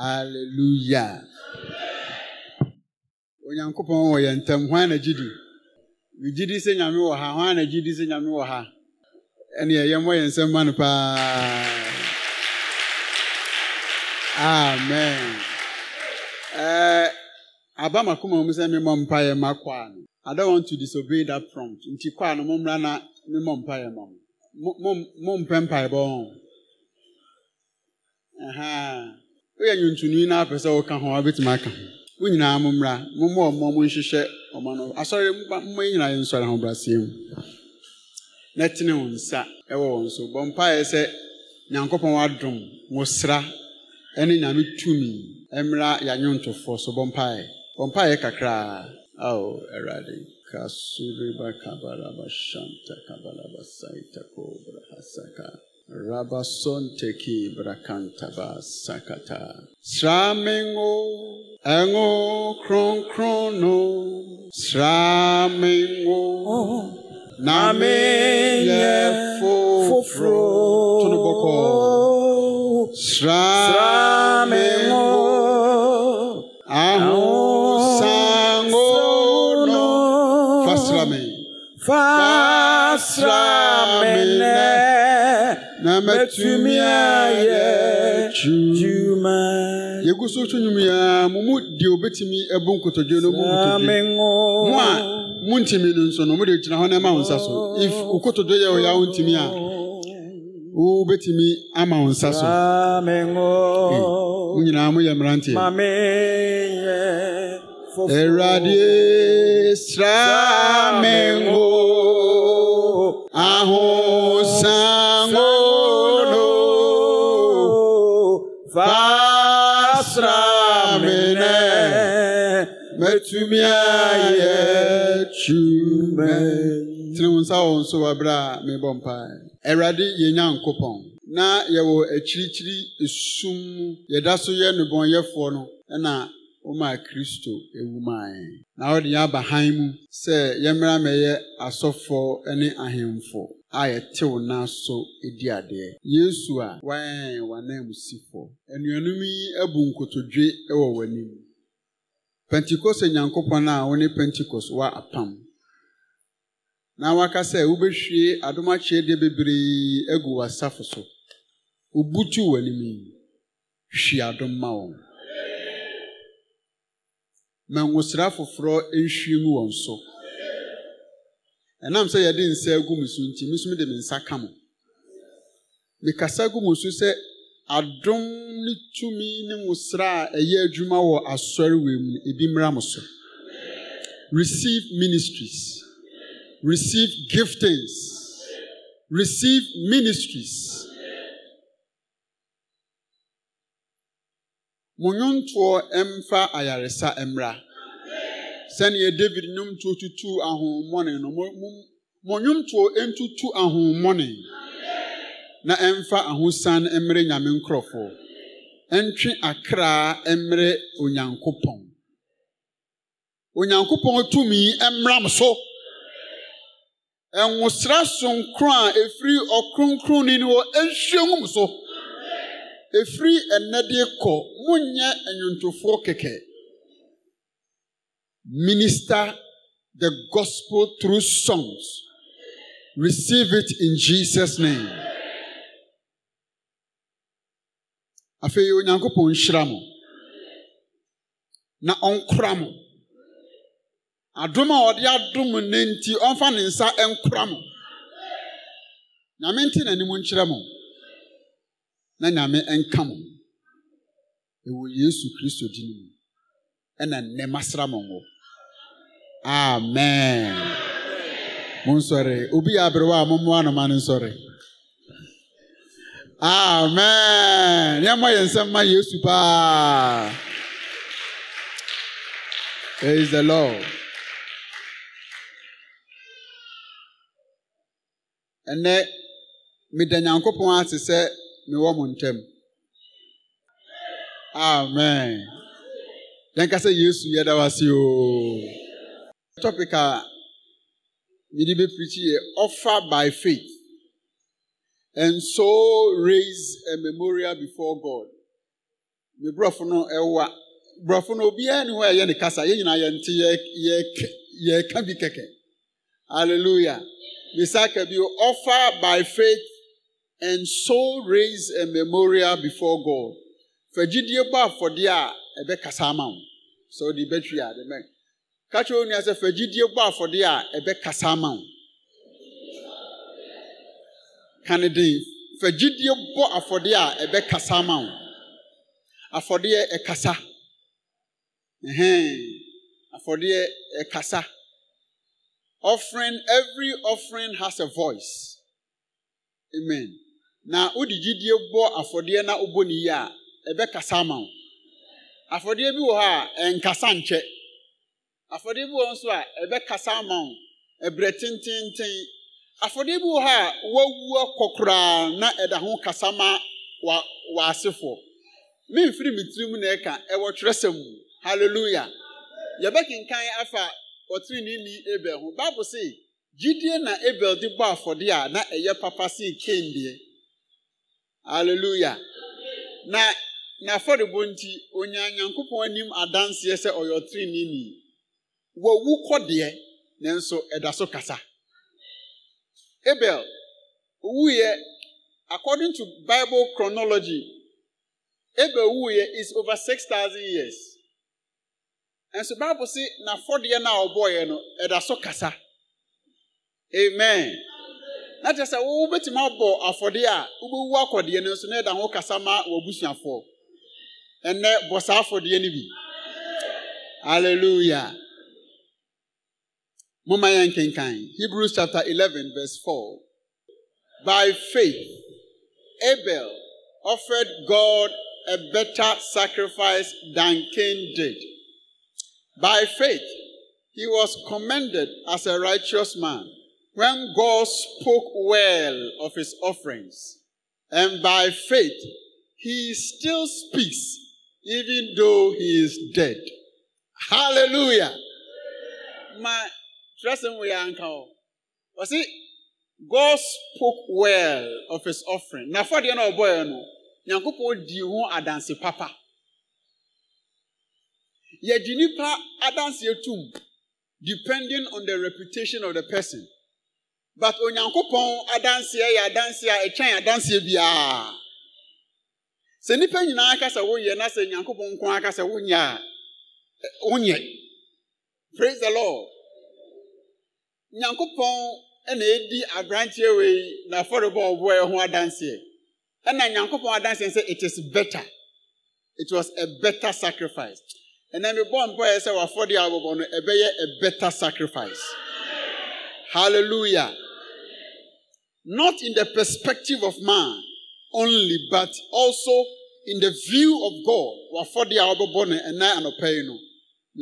aleluya onyankopɔn wɔ yɛn ntam hwan na gyi di sɛ nyame wɔ ha hwan na gye sɛ nyame wɔ ha ɛneɛ yɛmmɔ yɛn nsɛm ma no amen eh, aba makoma mu sɛ memmɔ mpaeɛ ma kɔ a no I don't want to Nti kɔ a na ma mo woyɛ nnwontoni no apɛ sɛ woka ho wabɛtumi aka ho wo nyinaa mụmụ ọmụmụ ɔmmɔ mo nhyehyɛ ɔma no asɔre na nyinaa yɛ nsɔre ahobraseɛ mu na tene wo nsa ɛwɔ wɔn so bɔ mpaeɛ sɛ nyankopɔn adom wosra ɛne nyame tumi ɛmmra yɛanwontofoɔ so bɔ mpaeɛ bɔ mpaeɛ kakraa ao awurade kasureba kabalaba shanta kabaraba saita kobra hasaka Rabason teki ba sakata. Sramengo ango kron krono. Sramengo name ye fofro. Tunuboko. Sramengo. na mɛtumi ayɛ dwuma. yɛgu so so nnwom yɛa mo mu deɛ obɛtumi ɛbu nkotodwe no mu nkotodwe mo a montimi no nso no mode gyina hɔ na ɛma nsa so if wo kotodwe yɛ ɔyɛ a wontimi a wobɛtumi ama wo nsa so mo nyinaa moyɛ mmeranteɛ awurade sra me ngo yɛtumi ayɛ tumi. tiri nsa wɔ nso wɔ abira a mebɔ mpae. awurade yɛn nyankopɔn na yɛwɔ akyirikyiri esum mu yɛda so yɛ nnebɔnyɛfoɔ no ɛna wɔmaa kristo ewu mae na wɔde yɛn aba han mu sɛ yɛmmra mɛyɛ asɔfoɔ ne ahemfo a yɛtew n'aso edi adeɛ. Yesu a wɔayɛn wɔn anam si fo. Anuanom yi abu nkotodwe wɔ wɔn anim. pentikọst nyankopɔn a wɔne pentikɔst wɔ apam na waka sɛ wobɛhwie adom akyerɛdeɛ bebree agu w'asafo so wobutu w'anim yi hwie adom ma wɔn ma nwosra foforɔ nhwie mu wɔn so ɛnam sɛ yɛde nsa agu mu so nti mesom de me nsa ka mo mekasa gu mu so sɛ adom ne tumi ne nwosra a ɛyɛ adwuma wɔ asɔrewe mu ebi mmra mo so receive ministries receive giftings receive ministries mo mfa ayaresa mmra sɛnea david nnwom tuo tutu ahohommɔne no mo nyɔntoɔ ntutu ahohommɔne. na ɛmfa ahosan mmerɛ nyame nkurɔfoɔ ɛntwe akra mmerɛ onyankopɔn onyankopɔn tumi mmram so ɛnwosra sonkoro a ɛfiri ɔkronkronni no wɔ nhyiahum so ɛfiri ɛnnɛ de kɔ monyɛ nnwontofoɔ kɛkɛ minister the gospel through songs receive it in jesus name afei onyankopɔn nhyira mo na ɔnkora mo adom a ɔde adom ne nti ɔmfa ne nsa nkora mo nyame nte n'anim nkyerɛ mo na nyame nka mo ɛwɔ yesu kristo din mu ɛna nnɛ masra mo ngo amen monsɔre obi yɛ aberewa a mommoa noma nsɔre amen yɛmmɔ yɛn nsɛm ma yesu paa praise the lord ɛnɛ meda nyankopɔn ase sɛ mewɔ mo ntam amen yɛnka sɛ yesu yɛda wase oo topic a mede bɛpirikyi yɛ offer by faith and so raise a memorial before God. Me brother, no ewa. Brother, no be ne ho ɛyɛ ne kasa. Yɛn nyinaa yɛn ye ye ka bi keke. Hallelujah. Misaka bi offer by faith and so raise a memorial before God. Fagidie for dia a ɛbɛ kasa ama wo. So the battery a the men. Kakyɛ onua sɛ fagidie bɔ afɔdeɛ a ɛbɛ kasa ama wo. ka ne den fa gyidie bɔ afɔdeɛ a ɛbɛkasa ama wo afɔdeɛ ɛkasa afɔdeɛ ɛkasa offering every offering has a voice amen na di gyidie bɔ afɔdeɛ na wobɔ ne yie a kasa ama wo afɔdeɛ bi wɔ hɔ a ɛnkasa nkyɛ afɔdeɛ bi wɔ nso a kasa ama wo ɛbrɛ tententen afɔde bi wɔ hɔ a wawuo kɔ na ɛda ho kasa ma wa w'asefoɔ memfiri me tirim na ɛka ɛwɔ twerɛsɛm mu hallelujah yɛbɛkenkan afa ɔtirinini abel ho bible se gyidie na abel de bɔ afɔde a na ɛyɛ papa se kain deɛ hallelujah na n'afɔdebɔ nti onyaa nyankopɔn anim adanseɛ sɛ ɔyɛ ɔtirinini wawu kɔ deɛ nanso ɛda so kasa. Abel wuiɛ according to Bible chronology Abel wuiɛ is over six thousand years. so Bible si n'afɔdeɛ na a ɔbɔeɛ no ɛda so kasa. Amen. Na kyerɛ sɛ wobɛtumi abɔ afɔdeɛ a wobɛwu akɔdeɛ no nso na ɛda ho kasa ma w'abusuafoɔ. Ɛnɛ bɔ saa afɔdeɛ no bi. Hallelujah. Mumaya Kinkai, Hebrews chapter 11, verse 4. By faith, Abel offered God a better sacrifice than Cain did. By faith, he was commended as a righteous man when God spoke well of his offerings. And by faith, he still speaks even though he is dead. Hallelujah. My twerɛsɛm wei anka o ɔsi god spoke well of his offering na afɔdeɛ na ɔbɔɛ no nyankopɔn di ho adanse papa yɛgye nipa adanse etum depending on the reputation of the person but onyankopɔn adanseɛ yɛ adanseɛ a ɛtwɛn adanseɛ biara sɛ nipa nyinaa aka sɛ wonyɛ na sɛ nyankopɔn nko aka sɛ wonyɛ a wonyɛ praise the lord. nyankopɔn na edi aberanteɛ wei na afɔrebɔ ɔboa ho adanseɛ ɛna nyankopɔn adanseɛ sɛ it is better it was a better sacrifice ɛna mebɔ mpaeɛ sɛ wafɔdeɛ abɔbɔ no ɛbɛyɛ a better sacrifice hallelujah not in the perspective of man only but also in the view of god wafɔdeɛ a wɔbɛbɔ no ɛna anɔpa yi no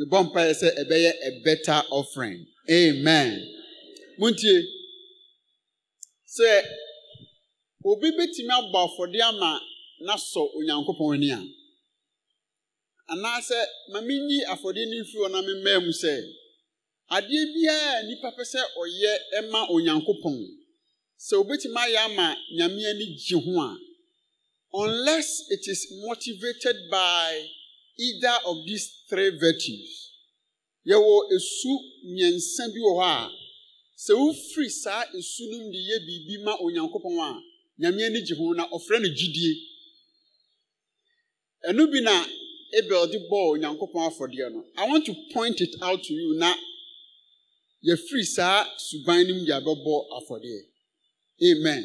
mebɔ mpaeɛ sɛ ɛbɛyɛ a better offering amen. montie sị obi betumi abɔ afɔde ama na n'asɔ onyankopɔn ani a anaasɛ ma menyi afɔde no mfiri ɔna me mmaa mu sị adeɛ biara a nipa pɛ sɛ ɔyɛ ɛma onyankopɔn sɛ obetumi ayɛ ama nyame ani hụ a unless it is motivated by either of these three virtues yɛwɔ esu nyensa bi wọ hɔ a. sɛ wofiri saa nsu no de yɛ biribi ma onyankopɔn a nyame ani gye ho na ɔfrɛ no gyidie ɛno bi na abel de bɔɔ onyankopɔn afɔdeɛ no i want to point it out to you na yɛfiri saa suban no mu de abɛbɔ afɔdeɛ amen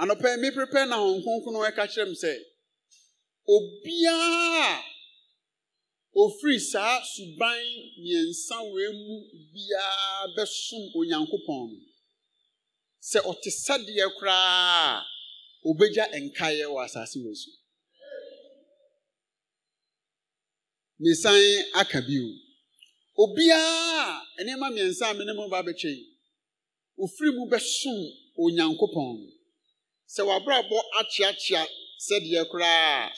anɔpɛ meprepare na hɔn kronkron no ɛka kyerɛ m sɛ obiara ofiri saa suban mmiɛnsa wee mu biara bɛsom onyankopɔn no sɛ ɔte sɛdeɛ koraa obegya nkaeɛ wɔ asase wɔ so mesan aka bio obiara nneɛma mmiɛnsa a mene mu ba bɛkyɛ yi ofiri mu bɛsom onyankopɔn sɛ wabrabɔ akyeakyea sɛdeɛ koraa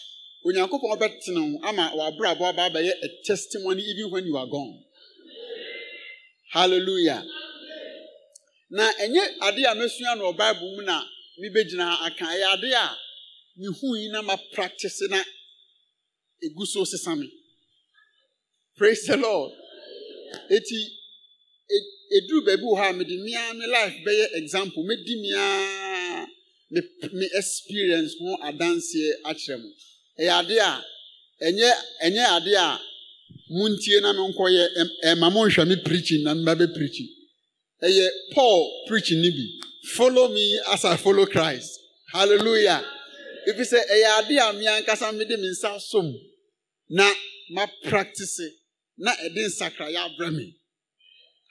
onyankopɔn bɛtene ho ama w'abrabɔ aba abɛyɛ a testimony even when you are gone hallelujah na ɛnyɛ ade a mesua no bible mu na mebɛgyina aka ɛyɛ ade a mehui na ma practice na ɛgu so sesa me praise the lord eti e, eduru baabi wɔ hɔ a mede mia me life bɛyɛ example medi mia me experience ho adanseɛ akyerɛ mo. ɛyɛ adeɛ a enye enye ade a muntie na no nkɔyɛ ɛma mo nhwɛ me preaching na mba bɛ preaching ɛyɛ paul preaching ni bi follow me as i follow christ hallelujah efi sɛ ɛyɛ ade a mi ankasa mi de mi nsa som na ma practice na ɛde nsakra yɛ abira mi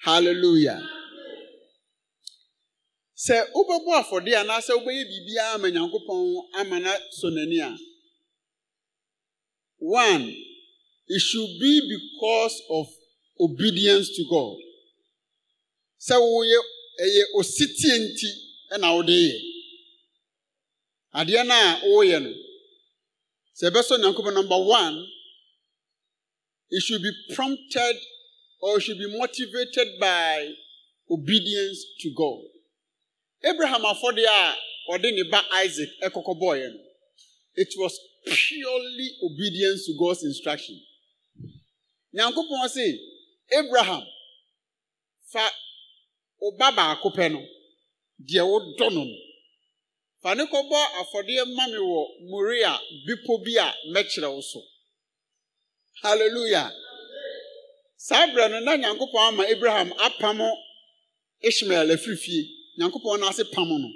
hallelujah sɛ wobɛbɔ afɔdeɛ anaasɛ wobɛyɛ biribiara ma nyankopɔn ama na so n'ani a. One, it should be because of obedience to God. Sɛ woyɛ ɛyɛ ositie nti ɛna wode yɛ. Adeɛ no a no, sɛ number one, it should be prompted or it should be motivated by obedience to God. Abraham afɔde a ɔde ne ba Isaac ɛkɔkɔ bɔɔyɛ no, it was purely obedience to God's instruction. Nyankopɔn se Abraham fa wo ba baako pɛ no deɛ wodɔ no no fa ne kɔbɔ afɔdeɛ ma me wɔ Moria bepɔ bi a mɛkyerɛ wo so. Hallelujah. Saa berɛ no na Nyankopɔn ama Abraham apamo Ishmael afiri fie. Nyankopɔn n'ase pam no.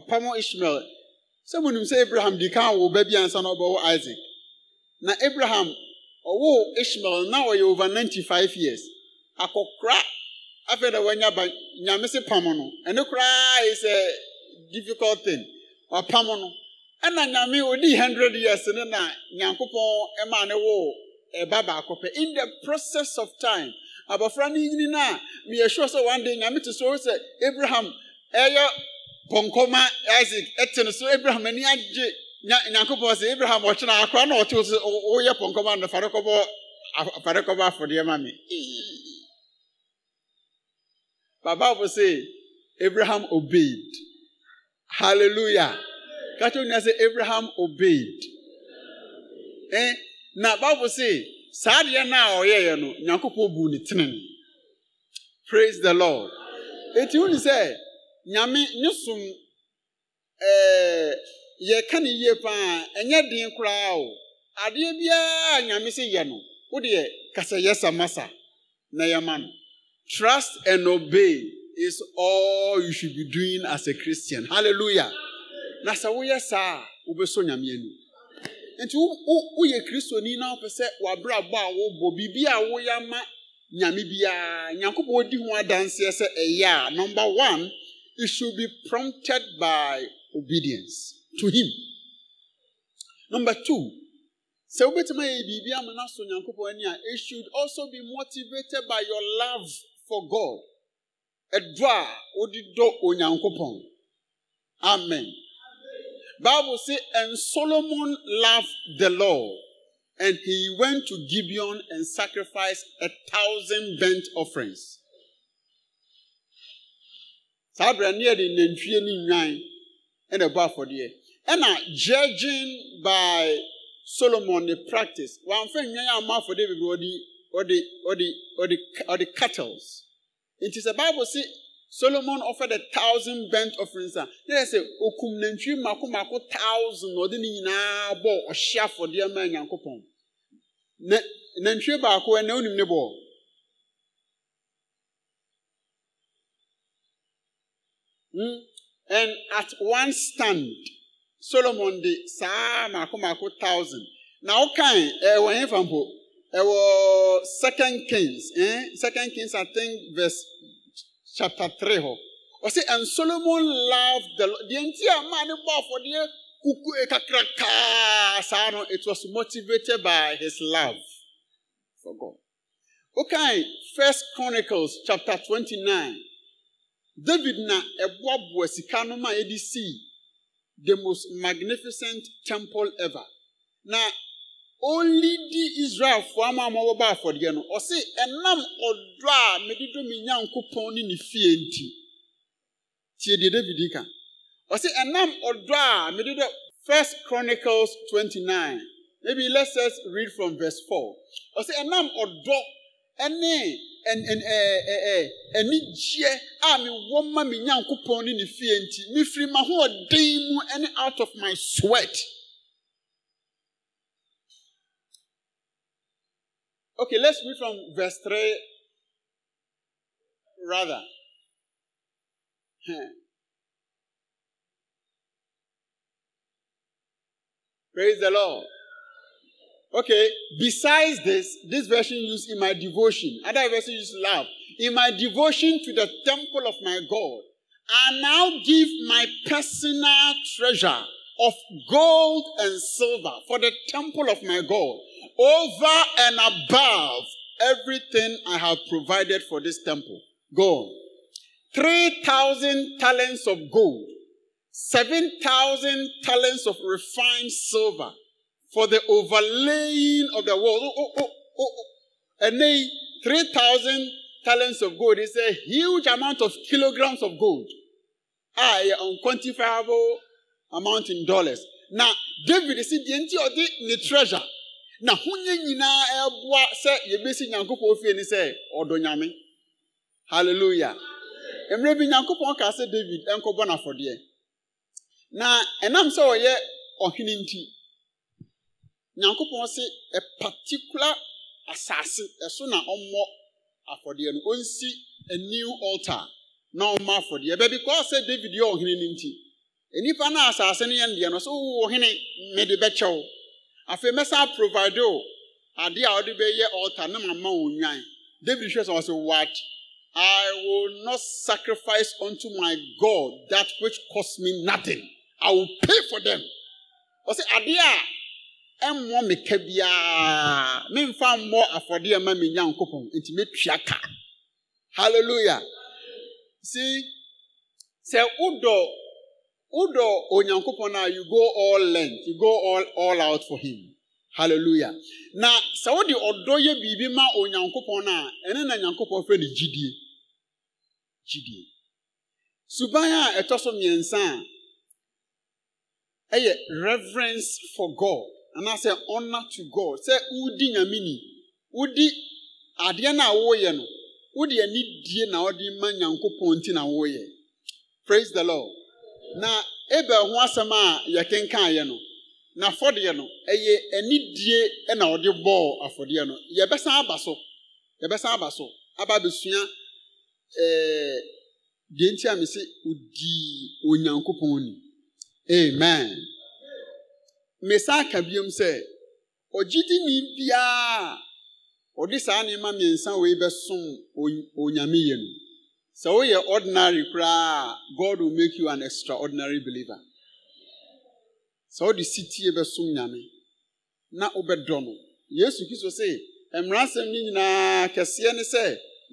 Ɔpamo Ishmael sɛ munim sɛ abraham di kan wo ba bi ansa na ɔbɛwo isaac na abraham ɔwo ishmael na ɔyɛ over 95 years akɔkora afei na wanya ba nyame se pam no ɛno koraa is a difficult thing wapam no ɛna nyame odii 100 years ne na nyankopɔn ɛma ne wo ɛba baako pɛ in the process of time abɔfra no nyini no a meyɛ sure sɛ one day nyame te so sɛ abraham ɛyɛ pɔnkɔma isaac ɛte no so abraham ani agye nyankopɔn sɛ abraham ɔkyena akora na ɔte so woyɛ pɔnkɔma no farekɔbɔ farekɔbɔ afɔdeɛ ma me babaafo sɛ abraham obeyed hallelujah kato nyina sɛ abraham obeyed eh? na baafo sɛ saa deɛ no a ɔyɛeɛ no nyankopɔn buu ne tenene praise the lord ɛti woni sɛ nyame ne som ɛɛ eh, yɛka ne yie paa ɛnyɛ den koraa o adeɛ biara nyame sɛ yɛ no wodeɛ kasa yɛ samasa na yɛma no trust and obey is all you should be doing as a christian hallelujah na sɛ woyɛ saa a wobɛsɔ nyame ani nti woyɛ kristoni na wopɛ sɛ wabrabɔ a wobɔ biribi a woyɛ ama nyame biara nyankopɔn odi ho adanseɛ sɛ ɛyɛ a number one it should be prompted by obedience to Him. Number two, sɛ wobɛtumi ayɛ biribi ama no aso nyankopɔn ani a it should also be motivated by your love for god ɛdɔ a wode dɔ onyankopɔn amen bible say and solomon loved the lord and he went to gibeon and sacrificed a thousand burnt offerings saa berɛ ne yɛde nantwie ne nnwan ɛna ɛbɔ afɔdeɛ ɛna judging by solomon ne practice wɔamfa nnwan a ama afɔdeɛ bebree ɔde ɔde ɔde ɔde ɔde cattles nti sɛ bible si solomon offered a thousand burnt offerings a ne yɛ sɛ okum nantwie mako mako thousand ɔde ne nyinaa bɔ ɔhye afɔdeɛ ma nyankopɔn na nantwie baako ɛna onim ne bɔɔ. Mm? And at one stand, Solomon de saa mako thousand. Now, ọkan ẹwọ yẹn fan second kings eh? second kings I think verse chapter three hɔ. Ɔsi and Solomon loved the Lord. The entire man maa ne bɔ afɔdeɛ kuku eh, kakrakaa saa no it was motivated by his love for God. Okay, First Chronicles chapter twenty-nine david na ɛboaboa sika no ma yɛde sii the most magnificent temple ever na only di israelfoɔ ama ama wɔbɔ afɔdeɛ no ɔse ɛnam ɔdɔ a mede dɔ me nyankopɔn ne ne fie nti tie deɛ david ka ɔse ɛnam ɔdɔ a mede dɔ first chronicles twenty nine. maybe let's just read from verse four. ɔse ɛnam ɔdɔ ɛne anigyeɛ eh, eh, eh, a ah, mewɔ ma me nyankopɔn ne ne fie nti mefiri m'ahoɔden mu ne out of my sweat okay let's read from verse 3 rather hmm. praise the lord Okay, besides this, this version used in my devotion, other version used love. In my devotion to the temple of my God, I now give my personal treasure of gold and silver for the temple of my God, over and above everything I have provided for this temple. Gold. 3,000 talents of gold, 7,000 talents of refined silver, for the overlaying of the wall. Oh, oh, oh, oh, oh. And they, 3,000 talents of gold is a huge amount of kilograms of gold. an unquantifiable amount in dollars. Now, David is the entity of the treasure. Now, who nyinaa ɛboa sɛ yɛbɛsi nyankopɔn fie ni sɛ ɔdɔ nyame hallelujah mmerɛ bi nyankopɔn kaa david ɛnkɔbɔ n'afɔdeɛ na ɛnam sɛ ɔyɛ ɔhene nti nyankopɔn sɛ a particular asase ɛso na ɔmmɔ afɔdeɛ no ɔnsi a new altar na ɔmmɔ afɔdeɛ bɛ because sɛ david yɛ ɔhene no nti nnipa no asase no yɛ ndeɛ no sɛ wowɔ ɔhene mede bɛkyɛw afei mɛsan provide o adeɛ a ɔde bɛyɛ altar na mama wɔn nwan david hwɛ sɛ ɔsɛ what I will not sacrifice unto my God that which cost me nothing. I will pay for them. Ɔsɛ adeɛ a ɛmmɔ me ka biara memfa mmɔ afɔdeɛ ma me nyankopɔn nti metua ka hallelujah see sɛ wodɔ onye onyankopɔn a you go all length you go all all out for him hallelujah na sɛ wode ɔdɔ yɛ biribi ma onyankopɔn a ɛne na nyankopɔn frɛ no gyidie gyidie suban a ɛtɔ so mmiɛnsa a ɛyɛ reverence for god anaasɛ honor to god sɛ wodi nyame ni wodi adeɛ no a woyɛ no wode ani die na ɔde ma nyankopɔn nti na woyɛ praise the lord na abel ho asɛm a yɛkenkaeɛ no n'afɔdeɛ no ɛyɛ anidie na ɔde bɔɔ afɔdeɛ no yɛbɛsan aba so yɛbɛsan aba so aba abɛsua ɛɛ eh, deɛ nti a mesi odii onyankopɔn ni amen. mmesa aka biom sɛ ɔgyedini biara a ɔde saa nneɛma mmiɛnsa wei bɛsom onyame yɛ no sɛ woyɛ ordinary koraa a god will make you an extraordinary believer sɛ wode sitie bɛsom nyame na wobɛdɔ no yesu kristo se mmaransɛm no nyinaa kɛseɛ ne sɛ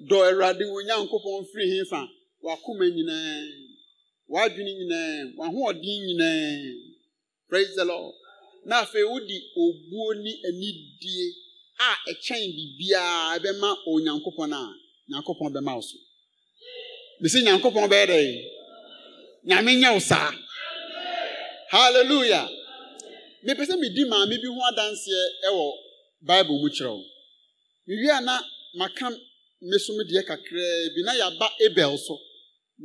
dɔ awurade wo nyankopɔn firi he fa wakoma nyinaa w'adwene nyinaa w'ahoɔden nyinaa praise the lord na afei wode obuo ne anidie a ɛkyɛn biribiara bɛma onyankopɔn a nyankopɔn bɛma wo so bɛsi nyankopɔn bɛyɛ dɛ nyame nyɛ wo saa hallelujah mepɛ sɛ medi maame bi ho adanseɛ wɔ bible mu mewie a na maka me deɛ kakraa bi na yɛaba abel so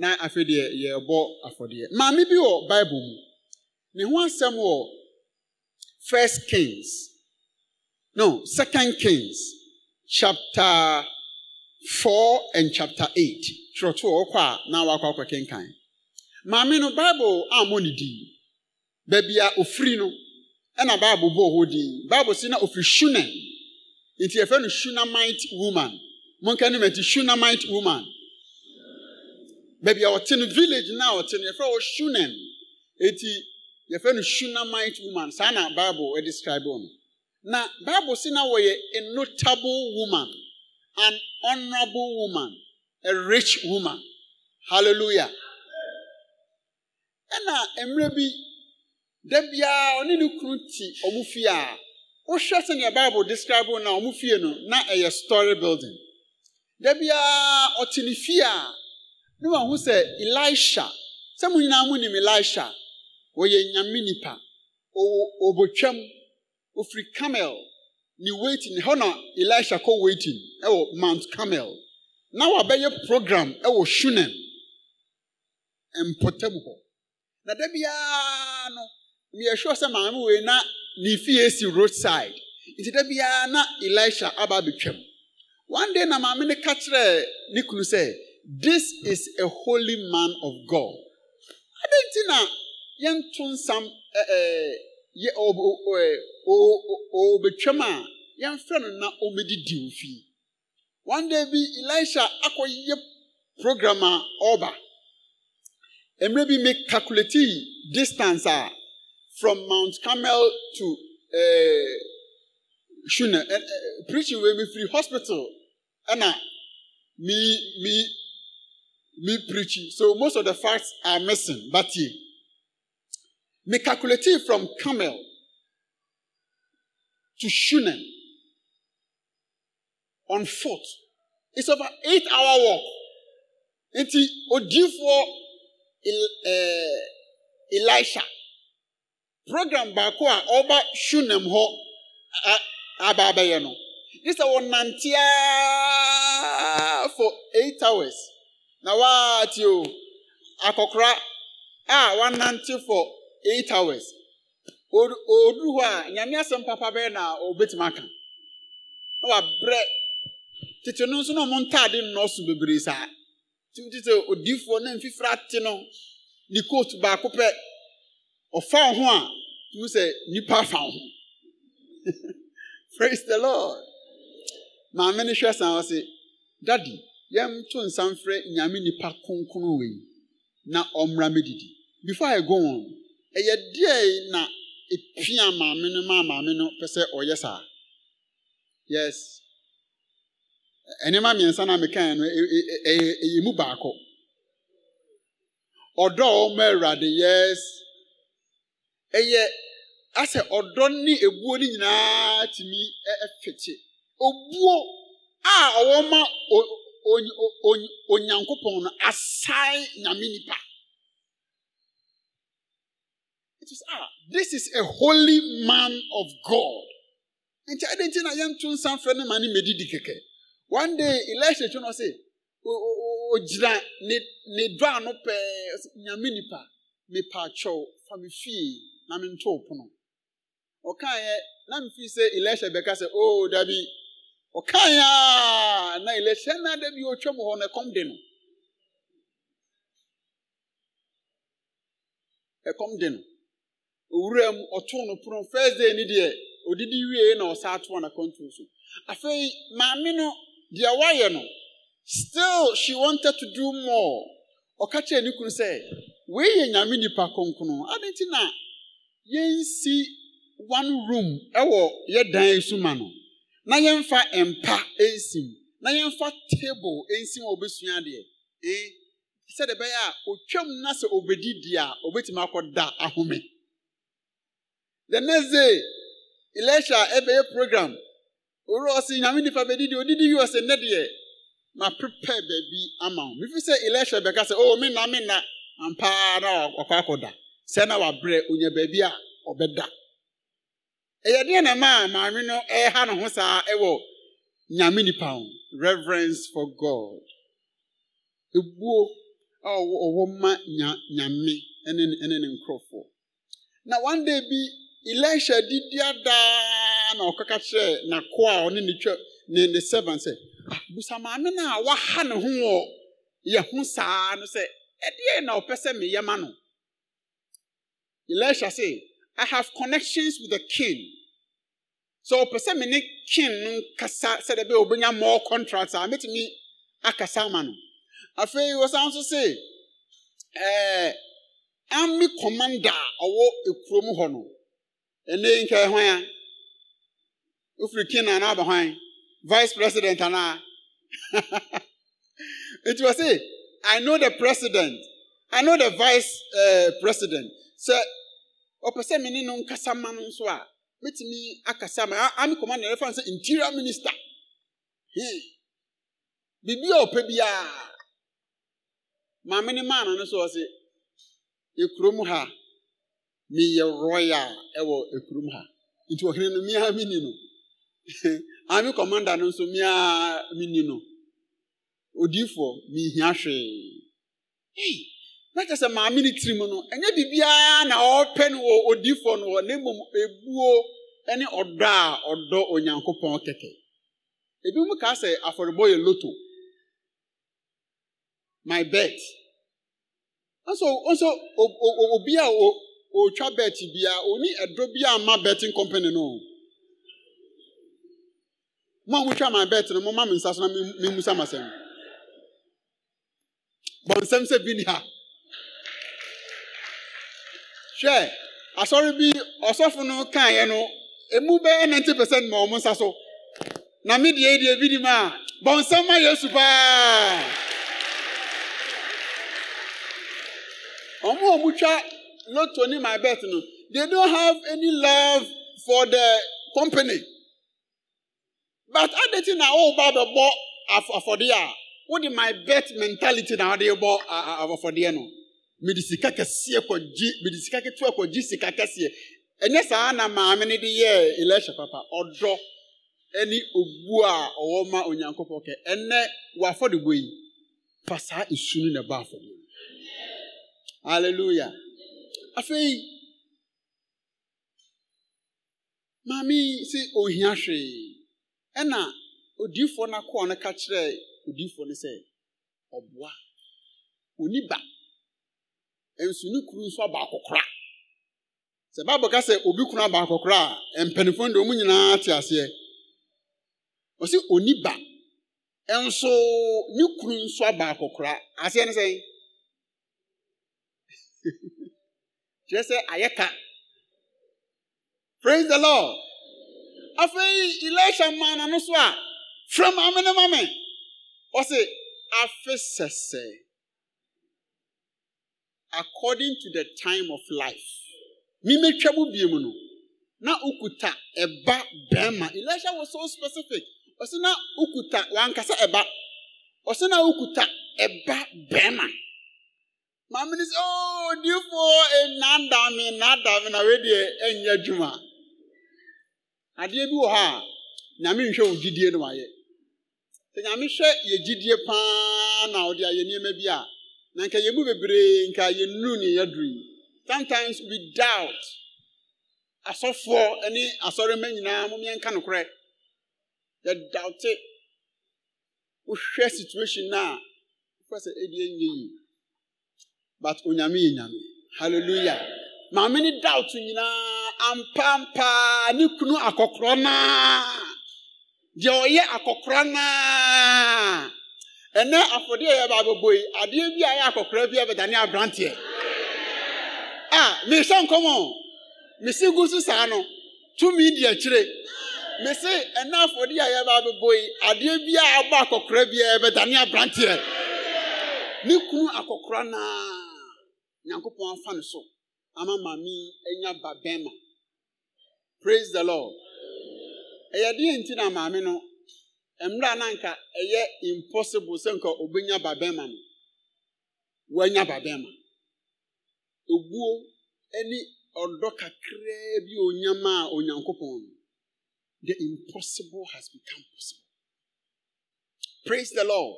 na afei deɛ yɛrebɔ afɔdeɛ maame bi wɔ bible mu ne ho asɛm First Kings, no, Second Kings, chapter four and chapter eight. Twerɛto wɔ hɔ a na wakɔ akɔ kenkan. Maame no Bible a mo ne di. Baabi a ofiri no ɛna Bible bɔ hɔ din. Bible si na ofiri Shunem. Nti yɛfrɛ no Shunamite woman. Monka no mɛnti Shunamite woman. Baabi a ɔte no village na ɔte no yɛfrɛ wɔ Shunem. Eti yɛfrɛ no shunammite woman saa na bible describe no na bible si na wɔyɛ a notable woman an honorable woman a rich woman hallelujah ɛna mmerɛ bi da biara ɔne ne kunu ti ɔmo fie a wohwɛ sɛnea bible describe na ɔmo fie no na ɛyɛ story building da biara ɔte ne fie a ne wɔn ho sɛ elisha sɛ mo nyinaa mo nim elisha wɔyɛ nyame nipa ɔbɔtwam ofiri camel ne waiting. hɔ na elisha kɔ waiting. ɛwɔ mount camel na wabɛyɛ program ɛwɔ shunem mpɔtam hɔ na da biara no meyɛhwɛ sɛ maame wei na ne fie si roadside nti da biara na elisha aba abɛtwam one day na maame no ka kyerɛɛ ne kunu sɛ this is a holy man of god adɛn na yɛnto nsam ɛɛ yɛ ɔbɔ ɛɛ ɔbɛtwam a yɛnfrɛ no na ɔmɛdidi ofi one day bi elisha akɔyɛ program a ɔreba mmerɛ bi mi calculate distance a from mount carmel to ɛɛ shuna ɛɛ preaching wey mi firi hospital ɛna mi mi mi preaching so most of the facts are missing but ye. Me calculated from Camel to Shunem on foot. It's over eight hour walk. Nti odiifoɔ ɛɛ eh, Elisha program baako a ɔba Shunem ho aba abɛyɛ no. This sɛ wɔnantea for eight hours na waati o ah one wanante for. eight hours oduru hɔ a nyame asɛm papa bɛyɛ na obetumi aka na wabrɛ tete no nso na ɔmo ntaade nnɔɔso bebree saa tete odiifoɔ na mfifira ate no ne coat baako pɛ ɔfa ho a tumi sɛ nipa afa ho praise the lord maame no hwɛ san ɔse dadi yɛn to nsa mfrɛ nyame nipa konkon wei na ɔmmra medidi before i go on. ɛyɛ deɛ na epia maame no maa maame no pɛ sɛ ɔyɛ saa yes nneɛma mmiɛnsa na mekan no e, e, e, ɛyɛ mu baako ɔdɔ a ɔma awurade yes ɛyɛ asɛ ɔdɔ ne ebuo ne nyinaa tumi ɛfɛkye obuo a ɔwɔ ma onyankopɔn no asae nyame nipa. It was, ah, this is a holy man of God. nti adi nti na yɛn to nsa fɛ ne ma ne medi di kɛkɛ one day elisha O, O, O, ogyina ne ne do ano pɛɛ nyame nipa mepa atwɛw fa me fie na me O, pono ɔkan yɛ na me fi sɛ elisha bɛka sɛ oo oh, dabi ɔkan yɛ aa na elisha na dabi O, mu hɔ na ɛkɔm de no ɛkɔm de no. owura mu ɔtoo no pono first day ni deɛ odidi wie na ɔsa ato na control so afei maame no deɛ wayɛ no still she wanted to do more ɔka kyerɛ ne kunu sɛ wei yɛ nyame nipa kronkron adi nti na yɛnsi one room ɛwɔ yɛ dan so ma no na yɛmfa mpa nsim na yɛmfa table nsim a obesua adeɛ ee sɛdeɛ bɛyɛ a otwam na sɛ obedi di a obetumi akɔ da ahome. the next day elisha ɛbɛyɛ program owurɔ ɔsi nyame nifa bɛ didi odidi us ɔsi ne deɛ ma prepare baabi ama wɔn mifi sɛ elisha bɛka sɛ oh mi na mi na ampaa na ɔkɔ akɔda sɛ na wabrɛ onya baabi a ɔbɛda ɛyɛ e deɛ na maa maame no ɛha e ne ho saa ɛwɔ e nyame nipa reverence for god ebuo a ɔwɔ ma nyame ɛne ne nkurɔfoɔ na one day bi. elisha didi adaa na ɔkaka kyerɛ na a ɔne ne twa ne ne servant sɛ busamaame no a waha ne ho wɔ yɛ ho saa no sɛ ɛdeɛ na ɔpɛ sɛ meyɛ ma no elisha se i have connections with the king so ɔpɛ sɛ me ne king no kasa sɛdeɛ bɛyɛ ɔbɛnya more contract a mɛtumi akasa ama no afei wɔsan so se ɛɛ army commander a ɔwɔ ekurom hɔ no. Ene nke hụ ya ufrikina na-abahanye vice president ana it was say i know the president i know the vice uh, president sɛ ɔpɛ sɛ me ne nkasa ma nso a mɛtumi akasa ma army commander yɛfa sị, interior minister he hmm. biribi a ɔpɛ biara maame ne maa no no so ɔse yɛ kurom ha meyɛ royal ɛwɔ ekurum ha nti ɔhene no mi ni no ami commander no nso mi ni no odiifoɔ mihia hwee hey sɛ maame ne no ɛnyɛ na ɔrepɛ no wɔ odiifoɔ no na mmom ebuo ɛne ɔdɔ a ɔdɔ onyankopɔn kɛkɛ ebinom kaa yɛ loto otwa bet bia oni ɛdɔ bi ama betin betting company no mo a motwa ma bet no moma me nsa so na memmusa masɛm bɔnsɛm sɛ bi ni ha hwɛ asɔre bi ɔsɔfo no kaeɛ no emu bɛyɛ ninety percent ma ɔmo nsa so na mi die deɛ bi ni mu a bɔnsɛm ma yesu paa ɔmo a ɔmo not only my birth, no. They don't have any love for the company. But other thing na oh, all oh, about ah, the ball for there. What is my bet mentality na they ball ah, ah, for no? Mede sika kɛseɛ kɔgye mede sika ketewa kɔgye sika kɛseɛ ɛnyɛ saa na maame no de yɛɛ election papa ɔdɔ ne obu a ɔwɔ ma onyankopɔn kɛ ɛnɛ wɔafɔdebɔ yi fa saa esu ne ba ɛba afɔdeɛ hallelujah afei maame yi si ohia hwee ɛna odiifoɔ no akɔɔ no ka kyerɛɛ odiifoɔ no sɛ ɔboa oni ba nso ne kuru nso aba akɔkora sɛ baabu ka sɛ obi kuru aba akɔkora a mpanimfoɔ no deɛ nyinaa te aseɛ ɔsi oni ba nso ne kuru nso aba akɔkora aseɛ no sɛ kyerɛ sɛ ayɛ ka praise the lord afei elisha maa n'ano so a fura maame ne maame ɔsi afe sɛsɛ according to the time of life mimetwa mu bie mu no na okuta ɛba bɛrima elisha was so specific ɔsi na okuta wankasa ɛba ɔsi na okuta ɛba bɛrima. ma mmiri sị oo oh, difoɔ nnaadame nnaadame na wei deɛ ɛnyɛ adwuma adeɛ bi wɔ hɔ a nyame nhwɛ wo gyidie no wayɛ sɛ nyame hwɛ yɛ gyidie paa na ɔde ayɛ nneɛma bi a na nka yɛn mu bebree nka yɛnnu ne yɛduru yi sometimes we doubt asɔfoɔ ne asɔrima nyinaa mo mmiɛnka nokorɛ yɛdaute wohwɛ situation no a wofɛ sɛ ɛdeɛ nyɛ yie but onyame yɛ nyame halleluya maame ne doubt nyinaa ampampaa ne kunu akɔkorɔ naa deɛ ɔyɛ akɔkorɔ naa ɛnɛ afɔdeɛ a yɛba abɛbɔ yi adeɛ bi a yɛ akokoro bi a bɛdane aberanteɛ a mehyɛ nkɔmɔ mesi gu so saa no tumi di akyire mesi ɛnɛ afodi a yɛba abɛbɔ yi adeɛ bi a abɔ akɔkorɔ bi a bɛdane aberanteɛ ne kunu akɔkorɔ naa nyankopɔn afa no so ama maame anya ba bɛrima praise the lord ɛyɛ deɛ nti na maame no mmerɛ a nanka ɛyɛ impossible sɛ nka obenya ba bɛrima no wanya ba bɛrima obuo ne ɔdɔ kakraa bi onyama a onyankopɔn no the impossible has become possible praise the lord.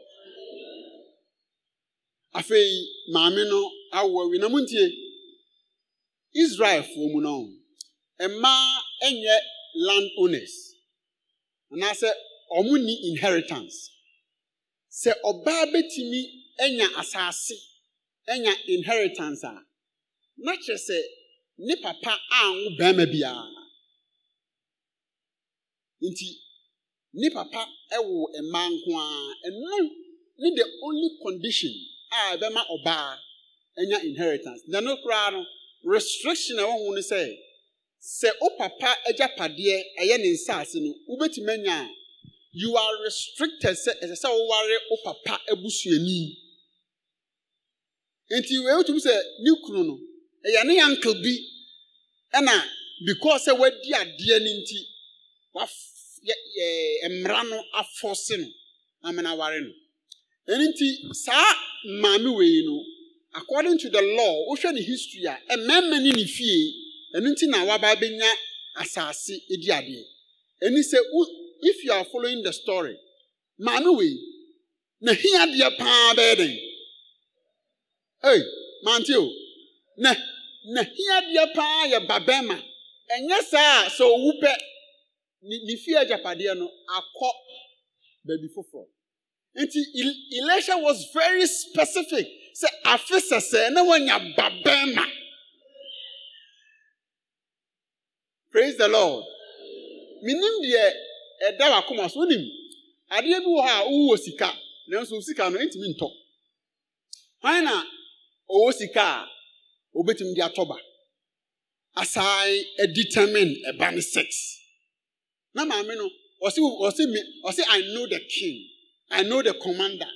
afei maame no awo awi na muntie israelfoɔ mu no mmaa nyɛ land owners anaasɛ wɔn ni inheritance sɛ ɔbaa bɛtumi nya asase nya inheritance a na kyerɛ sɛ ne papa anwo barima biara nti ne papa wɔ mmaa nko ara ɛno ne the only condition. a bɛma ɔbaa anya inheritance nano koraa no restriction a wɔho no sɛ sɛ wo papa agyapadeɛ ɛyɛ ne nsaase no wobɛtumi anya a you are restricted sɛ ɛsɛ sɛ woware wo papa abusuani nti wɔwotumi sɛ ne kunu no ɛyɛ ne yankle bi ɛna because sɛ wadi adeɛ no nti mmara no afɔse no amena ware no ɛno nti saa maame wei no according to the law wohwɛ ne history a mmarima ne ne fie ɛno nti na waba bɛnya asase di adeɛ ɛni sɛ if you are following the story maame wei na hia deɛ paa bɛyɛ den ei mante o na na hia deɛ paa yɛ ba bɛrima ɛnyɛ saa a sɛ owu pɛ ne fie agyapadeɛ no akɔ baabi foforɔ nti elisha was very specific sɛ afe sɛsɛɛ na wanya ba bɛrima praise the lord menim deɛ ɛda wakoma so wonim adeɛ bi wɔ hɔ a wowɔ sika nanso sika no ntumi ntɔ hwan na ɔwɔ sika a obetumi de atɔ ba asae ɛdetermine ɛba ne sex na maame no ɔsi ɔsi mi ɔsi i know the king. I know the commander.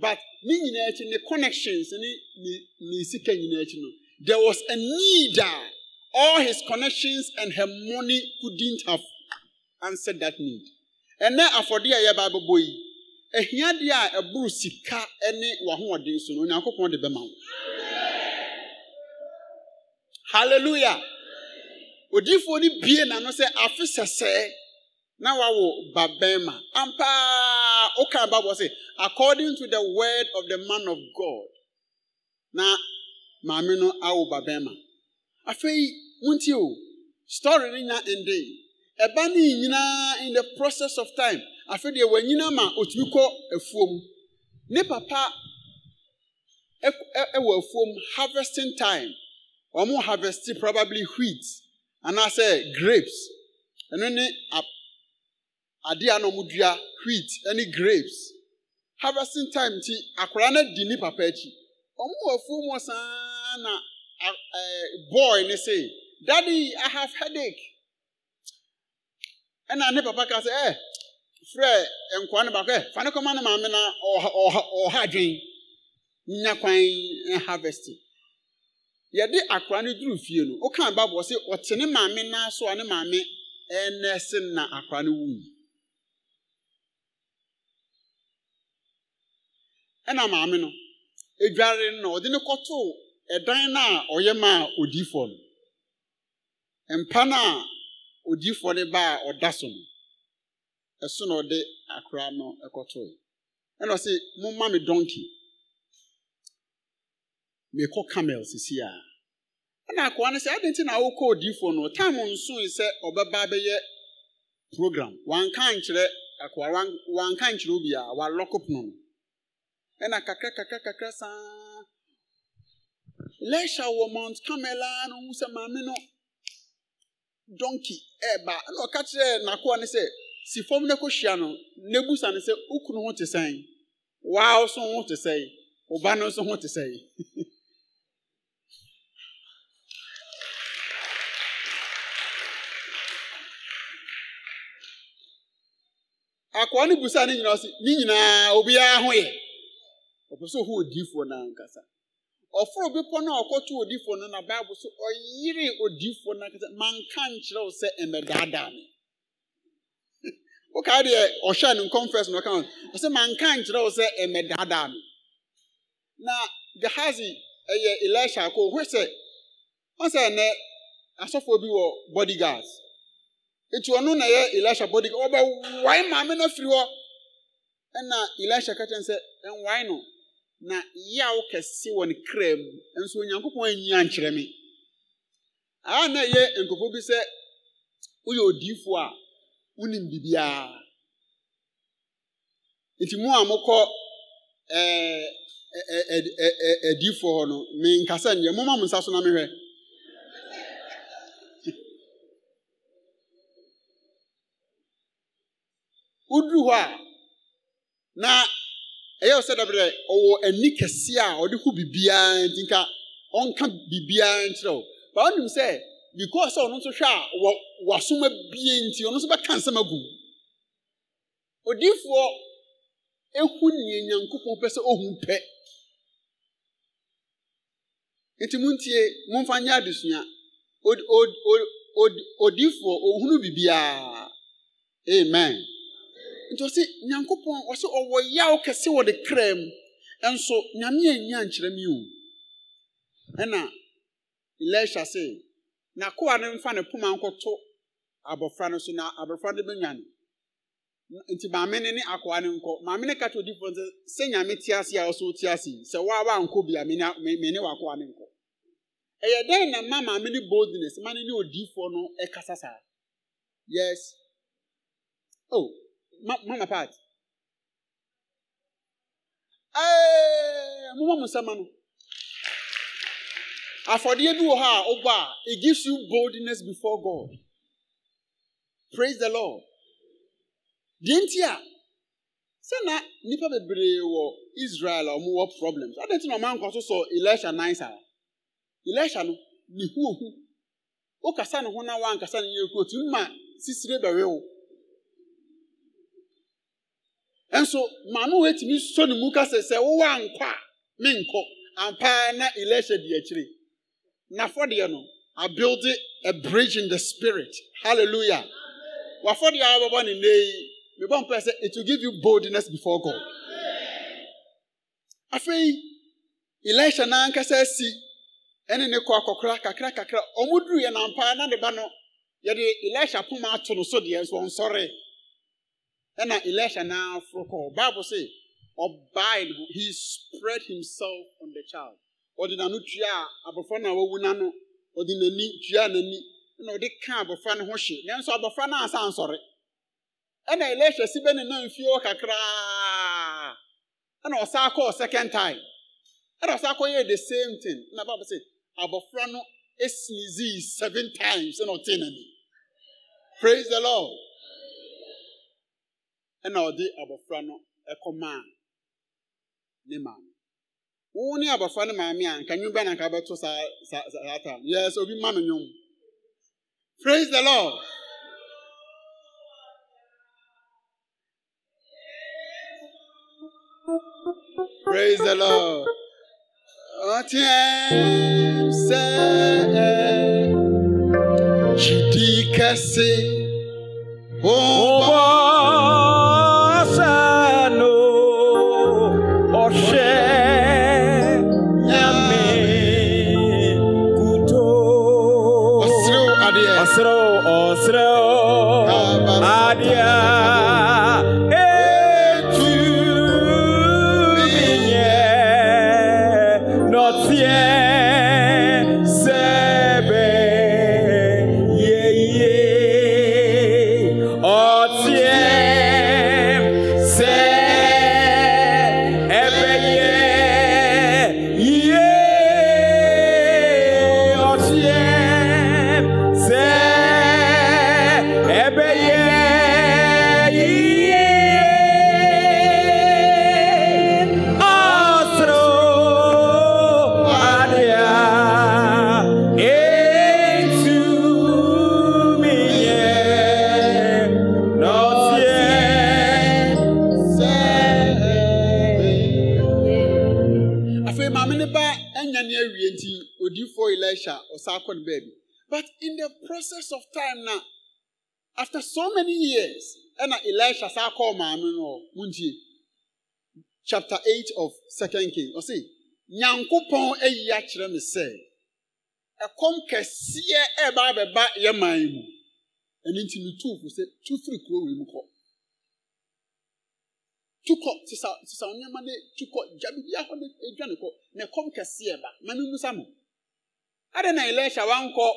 But me nyinaa akyi ne connections ne ne sika no there was a need that uh, all his connections and her money couldn't have answered that need. Ɛnɛ afɔde a yɛba abɛbɔ yi ehiadeɛ a ɛboro sika ne w'ahoɔden so no onyankopɔn de bɛma wo. Hallelujah. Odiifoɔ ni bie n'ano sɛ afi sɛsɛɛ. na wawo babema ampa okay bible say according to the word of the man of god na maame no awo babema afei wunti you story ne ending ɛba ne in the process of time afei deɛ wanyina ma utuko a afuom ne papa ɛwɔ afuom harvesting time wɔn harvest probably wheat say grapes ɛno ne adeɛ a na wɔn dua wheat ne grapes harvesting time nti akwaraa na di ne papa akyi wɔn wɔ afuom hɔ saa na boy ne se daddy i have headache ɛna ne papa ka sɛ ɛ frɛ nkoa no baako ɛ fa ne kɔma ne maame na ɔha adwen nya kwan harvesting yɛde akwaraa no duru fie no woka babɔ sɛ ɔte ne maame naa so a ne maame ɛnɛse na akwaraa no wu yi ɛna maame no edware no ɔde ne kɔto ɛdan no a ɔyɛ maa odiifoɔ no mpa no a odiifoɔ no ba a ɔda so no ɛso na ɔde akora no ɛkɔtoe ɛna ɔse momma me donkey mekɔ camel sisi a ɛna akora no sɛ ade nti na wokɔ odiifoɔ no tam nsoe sɛ ɔbɛba bɛyɛ program wanka nkyerɛ akora wanka nkyerɛ obi a walɔko pono no ena kakra kakra kakra saa lɛhyɛ wɔ mount camela no ho sɛ maame no donki ɛɛba na ɔka kyerɛɛ n'akoa no sɛ si fam na kɔhyia no n'ebusa no sɛ okunu ho te sɛn waa nso ho te sɛn ɔba no nso ho te sɛn. akoa no busa ne nyinaa ɔsi ne nyinaa obiara ho yɛ. ɔpɛ sɛ ɔhɔ odiifoɔ no ankasa ɔforo na no a ɔkɔto na no na bible so ɔyere odiifoɔ no ankasa manka nkyerɛ wo sɛ ɛmɛdaadaa me wokaa deɛ ɔhwɛ no nkɔmfɛs na ɔka ɔsɛ manka nkyerɛ wo sɛ ɛmɛdaadaa na gehazi ɛyɛ elisha akɔ ohwɛ sɛ ɔsɛ ɛnɛ asɔfoɔ bi wɔ bodyguards etu ɔno na ɛyɛ elisha bodyguard ɔbɛwae maame na firi hɔ ɛna elisha ka kyerɛ sɛ nọ. na yaw kɛse wɔ ne kra mu nso onyankopɔn anyia nkyerɛ me na ɛyɛ nkurɔfoɔ bi sɛ woyɛ odiyifoɔ a wonim biribiaa nti mu a mokɔ eh, eh, eh, adiyifoɔ hɔ no menkasa nneɛ momma mo nsa so na mehwɛ woduru hɔ a na ɛyɛ sɛ dabrɛ ɔwɔ ani kɛseɛ a ɔde ho biribiara nti nka ɔnka biribiara nkyerɛ o baa ɔnim sɛ because ɔno nso hwɛ a wɔ wasoma bie nti ɔno nso bɛka nsɛm agu mu odiifoɔ ehu nea nyankopɔn pɛ sɛ ohu pɛ nti mu ntie mu nfa nyɛ adesua odiifoɔ ohunu biribiara amen. nti ɔsi nyankopɔn ɔsi ɔwɔ yaw kɛse wɔ de krem mu nso nyame anya nkyerɛ mi o ɛna na kowa no mfa ne poma nkɔto abɔfra no so na abɔfra no bɛnya no nti maame ne ne akoa no nkɔ maame ne kata odiifoɔ nsɛ sɛ nyame te ase a ɔso te ase sɛ waa waa nkɔ a me ne nkɔ ɛyɛ dɛn na ma maame ne boldness ma ne ne no ɛkasa saa yes oh mama part moma eh, mo nsɛma no afɔdeɛ bi wɔ hɔ a wobɔ a it gives you boldness before god praise the lord deɛ nti a sɛna nnipa bebree wɔ israel a wɔwɔ problems adɛn nti na ɔma nkɔ so sɔ elisha nan o elisha no ne huohu wokasa ne ho na woankasa ne yɛ kuo tumi ma sisire wo nso maame wo etumi so ne mu kasa sɛ wowɔ ankɔ a menkɔ ampaa na election di akyire n'afɔdeɛ no abuild a bridge in the spirit hallelujah w'afɔdeɛ a wɔbɛbɔ ne nne yi mebɔ mpɛ sɛ it will give you boldness before God afei election n'ankasa asi ɛne ne kɔ akɔkora kakra kakra wɔn duru yɛ n'ampaa na ne ba no yɛde election poma ato no so deɛ nso wɔn ɛna elisha naa foro kɔ bible say ɔbaa he spread himself on the child ɔde n'ano tua abɔfra na wawu n'ano ɔde n'ani tua n'ani ɛna ɔde ka abɔfra no ho hye nanso abɔfra no asa ansɔre ɛna elisha si bɛ ne nan fie hɔ kakraa ɛna ɔsan kɔɔ second time ɛna ɔsan kɔyɛɛ the same thing ɛna bible say abɔfra no esinizi seven times ɛna ɔtee n'ani praise the lord ɛna ɔde abɔfra no ɛkɔmaa ne maame wɔn ne abɔfra ne maame a nka nwin na nka saa saa saa ata yɛs obi ma no nwom praise the lord. Praise the Lord. Ọtí ṣe ẹ̀ ṣìdí oh. ó bọ́. pressure ɔsaakɔ baby. but in the process of time now, after so many years ɛna elisha saa kɔɔ Munji, chapter eight of second king ɔsi nyankopɔn ayi akyerɛ me sɛ ɛkɔm kɛseɛ ɛɛba ba yɛ man mu ɛne nti ne tuufo sɛ tu firi kuro wei mu kɔ tukɔ sisan sisan nneɛma de tukɔ gya bibi ahɔ de edwa ne kɔ na ɛkɔm kɛseɛ ba mɛ ba musa musamu. ada na election wankɔ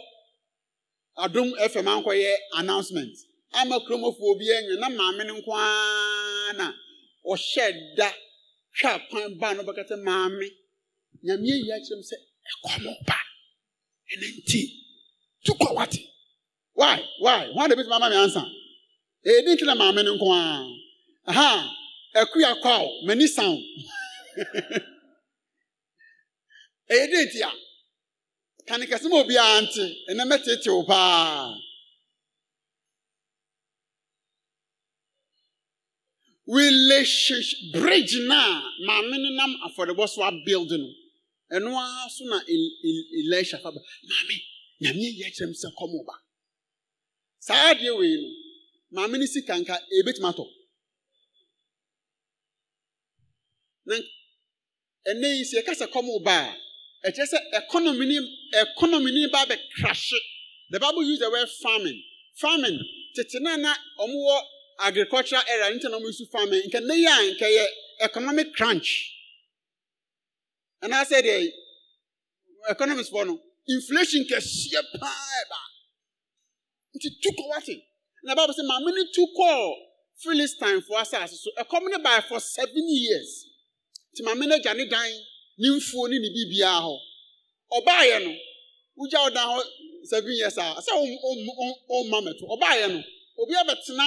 adom fm ankɔyɛ announcement ama kuromofoɔ bi anya na maame no na ɔhyɛ da hwɛ akwan baa no bɛkata maame nyame ayi akyerɛ m sɛ ɛkɔm ba ɛne nti tukɔ wate why why hwan de bɛtumi ama me ansa ɛdi nti na maame no nko ha aha akuya kwaw m'ani saw ɛyɛ dɛ a kane kɛse ma obiara nte ɛnɛ mɛtete paa relationship bridge na maame no nam afɔrebɔ so abuild no ɛno ara so na elisha fa ba maame nyame yɛ kyerɛ m sɛ kɔm ba saa adeɛ wei no maame no sika nka ebetumi atɔ na ɛnɛ yi sɛ yɛkasa ba a ɛkyɛ sɛ economy ni economy ni ba bɛ krashe the bible use the word farming farming tete na na ɔmo wɔ agricultural area ne nkyɛn na ɔmo use farming nka ne yɛ a nka yɛ economic crunch ɛna sɛ deɛ economics fɔ no inflation kɛseɛ paa ɛba nti tu kɔ wate na bible sɛ maame ne tu kɔɔ philistine fo asase so ɛkɔm ne baa for seven years nti maame ne gya ne dan. ne mfuo ne ne biribiara hɔ ɔbaayɛ no wogya ɔda hɔ seven years a sɛ ɔmma mɛto ɔbaayɛ no obi abɛtena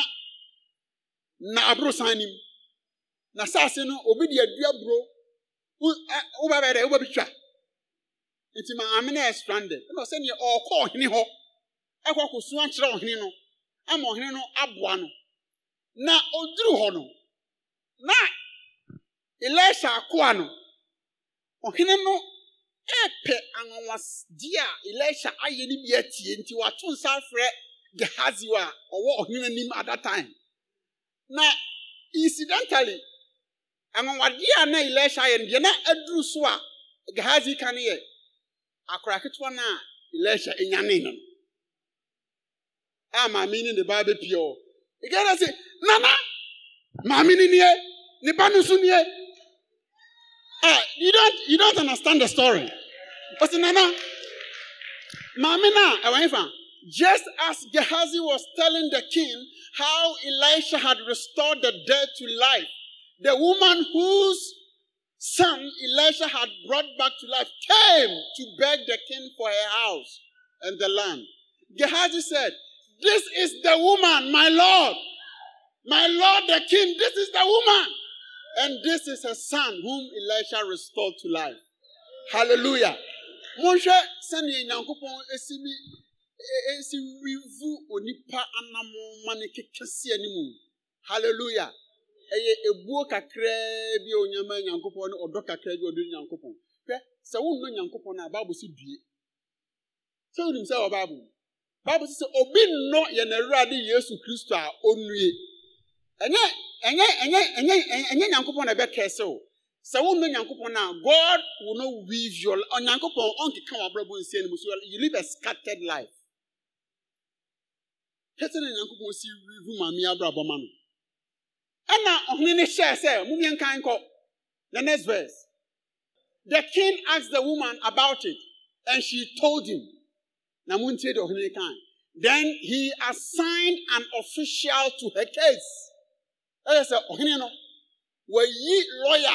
na san nim na saase no obi di adua buro woba bɛ dɛ woba bi twa nti maame no yɛ stranded ɛna sɛneɛ ɔrekɔ ɔhene hɔ ɛkɔ akɔsu akyerɛ ɔhene no ama ɔhene no aboa no na ɔduru hɔ no na elɛhyɛ akoa no ɔhene no ɛpɛ anwanwadeɛ a elisha ayɛ no bi atie nti wato nsa afrɛ gehazio a ɔwɔ ɔhene anim at that time na incidentally anwanwadeɛ a na elisha ayɛ no deɛ na aduru so a gehazi ka no yɛ akora ketewa na a elisha ɛnyanee no no a maame ne ne ba bɛpie ɔ ɛgɛda sɛ nana maame ne neɛ ne ba no so neɛ you don't you don't understand the story. But Nana, Mamina, eh, just as Gehazi was telling the king how Elisha had restored the dead to life, the woman whose son Elisha had brought back to life came to beg the king for her house and the land. Gehazi said, This is the woman, my lord. My lord, the king, this is the woman. And this is a son whom Elisha restored to life. Hallelujah. Mọ̀hwẹ́ sẹ́ni ẹ̀nyankopɔn esi mi e, esi wivu onipa anamọ́ma ne kekesi anim. Hallelujah. Ɛyɛ ebuo kakraa bi onyama ɛnyankopɔn ne ɔdɔ kakraa bi a ɔdɔ ɛnyankopɔn. Hwɛ sɛ wɔn nnɔ ɛnyankopɔn na baabu si due. Sɛ wɔn nim sɛ wɔ baabu. Baabu si sɛ obi nnɔ yɛn awurade Yesu Kristo a onue. Ɛnyɛ ɛnyɛ ɛnyɛ ɛnyɛ ɛnyɛ nyankopɔn na ɛbɛkɛɛ sɛ o sɛ wɔn nnɔ nyankopɔn na god will not weave your ɔnyankopɔn ɔnkeka wɔn abrabɔ nsia no mu so you live a scattered life kɛse na nyankopɔn si weave maame abrabɔ ma no ɛna ɔhene ne hyɛɛ sɛ mo mien kan kɔ the next verse the king asked the woman about it and she told him na mo n tie de ɔhene kan then he assigned an official to her case. ɛyɛ sɛ ɔhene no wayi lɔya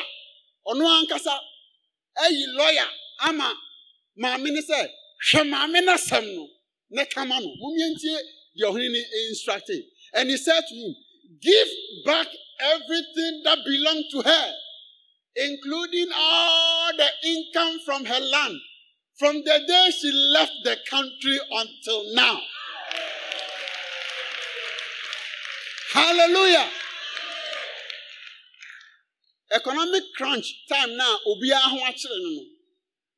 ɔno ankasa ayi lɔya ama maame ne sɛ hwɛ maame n'asɛm no ne kama no mumientie deɛ ɔhene ne instructe and he said to him give back everything that belong to her including all the income from her land from the day she left the country until now hallelujah economic crunch time na obi ho akyere no no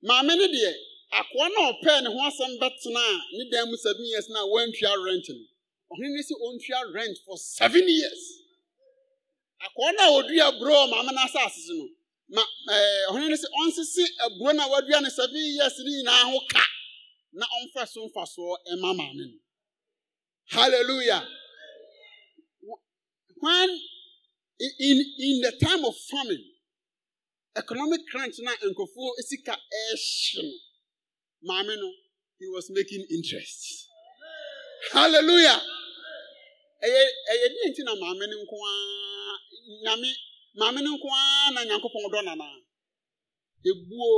maame no deɛ akoa na ɔpɛ ne ho asɛm bɛtena a ne dan mu seven years na wantua rent no ɔhene ne sɛ ɔntua rent for seven years akoa na ɔdua aburo maame na asase so no ma ɛɛ eh, ɔhene ne sɛ ɔnsese na wadua ne seven years ne nyinaa ho ka na ɔmfa so mfa soɔ ɛma maame no hallelujah when in, in the time of famine, economic crunch na nkurɔfoɔ sika ɛrehye no maame no he was making interest hallelujah ɛyɛ ɛyɛ deɛ nti na maame no nko nyame maame no nko na nyankopɔn dɔ nana ebuo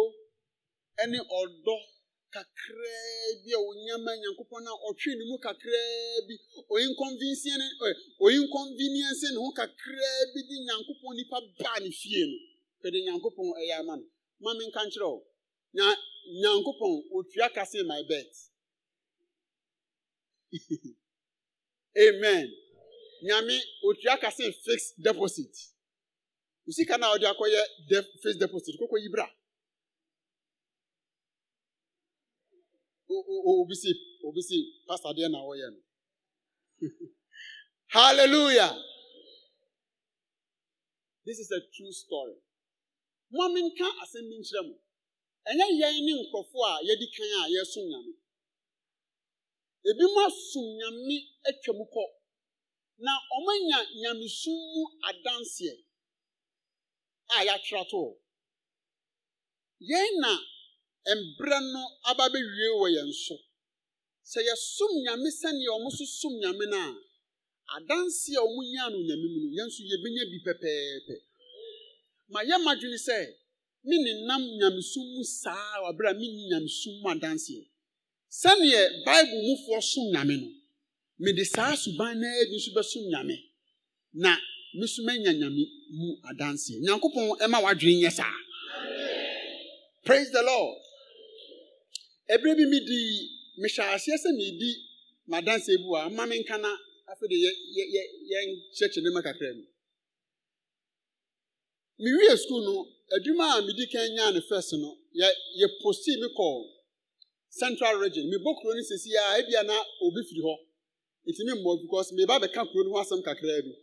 ɛne ɔdɔ kakraa bi a onyama nyankopɔn na ɔtwee ne mu kakraa bi oinconvenience ne ho kakraa bi de nyankopɔn nipa baa ne fie no pɛde nyankopɔn ɛyɛ ama no ma menka nkyerɛ wo na nyankopɔn otua ka sen my bet amen nyame otua ka sen fixed deposit osika na ɔde akɔyɛ fixed deposit kɔkɔ yibra? obi si obi si pastor deɛ na wɔyɛ no hallelujah this is a true story mo mi nka asɛm bi nkyerɛ mo ɛnyɛ yɛn ne nkurɔfoɔ a yɛdi kan a yɛsom nyame ebi mo asom nyame atwa mu kɔ na wɔn anya nyamesum mu adanseɛ a yɛatwerɛ to yɛn na. mbrɛ no aba bɛwie wɔ yɛn so sɛ yɛsom nyame sɛnea ɔmo so som nyame no a adanse a ɔmo nyaa no nyame mu no yɛn nso yɛbɛnya bi pɛpɛɛpɛ ma yɛ ma dwene sɛ me nenam nyamesum mu saa wabere a menni nyamesum mu adanseɛ sɛneɛ bible mufoɔ som nyame no mede saa suban naa bi nso bɛsom nyame na meso manya nyame mu adanseɛ nyankopɔn ɛma wadwene nyɛ saa praise the lord ɛberɛ bi medii mehyɛ aseɛ sɛ meedi madanseɛ ebu a ma menka na afei de yɛnkyerɛkyerɛ ma kakra mu mewie sukuu no adwuma a medi kan nyaa no fɛs no yɛposii me kɔɔ central region mebɔ kuro ni sisi a ebi ebia na obi firi hɔ nti memmɔ because meba bɛka kuro ni ho asɛm kakraa bi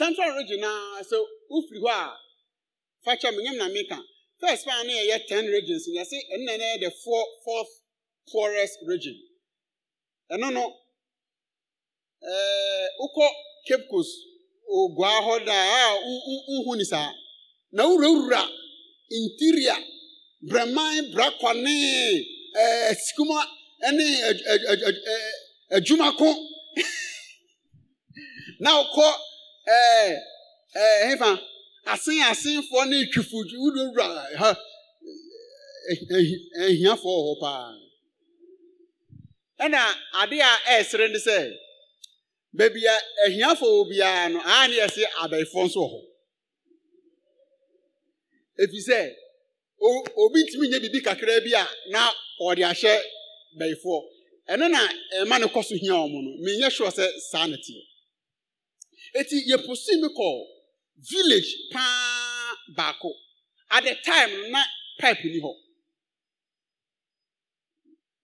central region a sɛ ofiri hɔ a fakyɛ menyam na meka first pa na ɛyɛ ten regions yɛse ɛnna na ɛyɛ the four fourth poorest region ɛno no ɛɛ wokɔ cape coast ogua hɔ daa a nhu ne saa na wurawura interior brɛman brakwane ɛɛ sikuma ɛne na wokɔ ɛɛ ɛɛ hefa. asị asị fọ na ichufuju uru uru ha ehiafọ eh, eh, eh, ọhụ paa ɛna ade a ɛresere ne sɛ baabi a ehiafọ wɔ biara no aa ne yɛsɛ abɛɛfo nso wɔ hɔ efi sɛ obi ntumi nye bibi kakra bi a na ɔde ahyɛ bɛɛfoɔ ɛno na ɛma ne kɔ so hia wɔn no menyɛ sure sɛ saa ne teɛ eti yɛ posi mi kɔɔ. village paa baako at the time na pipe ni hɔ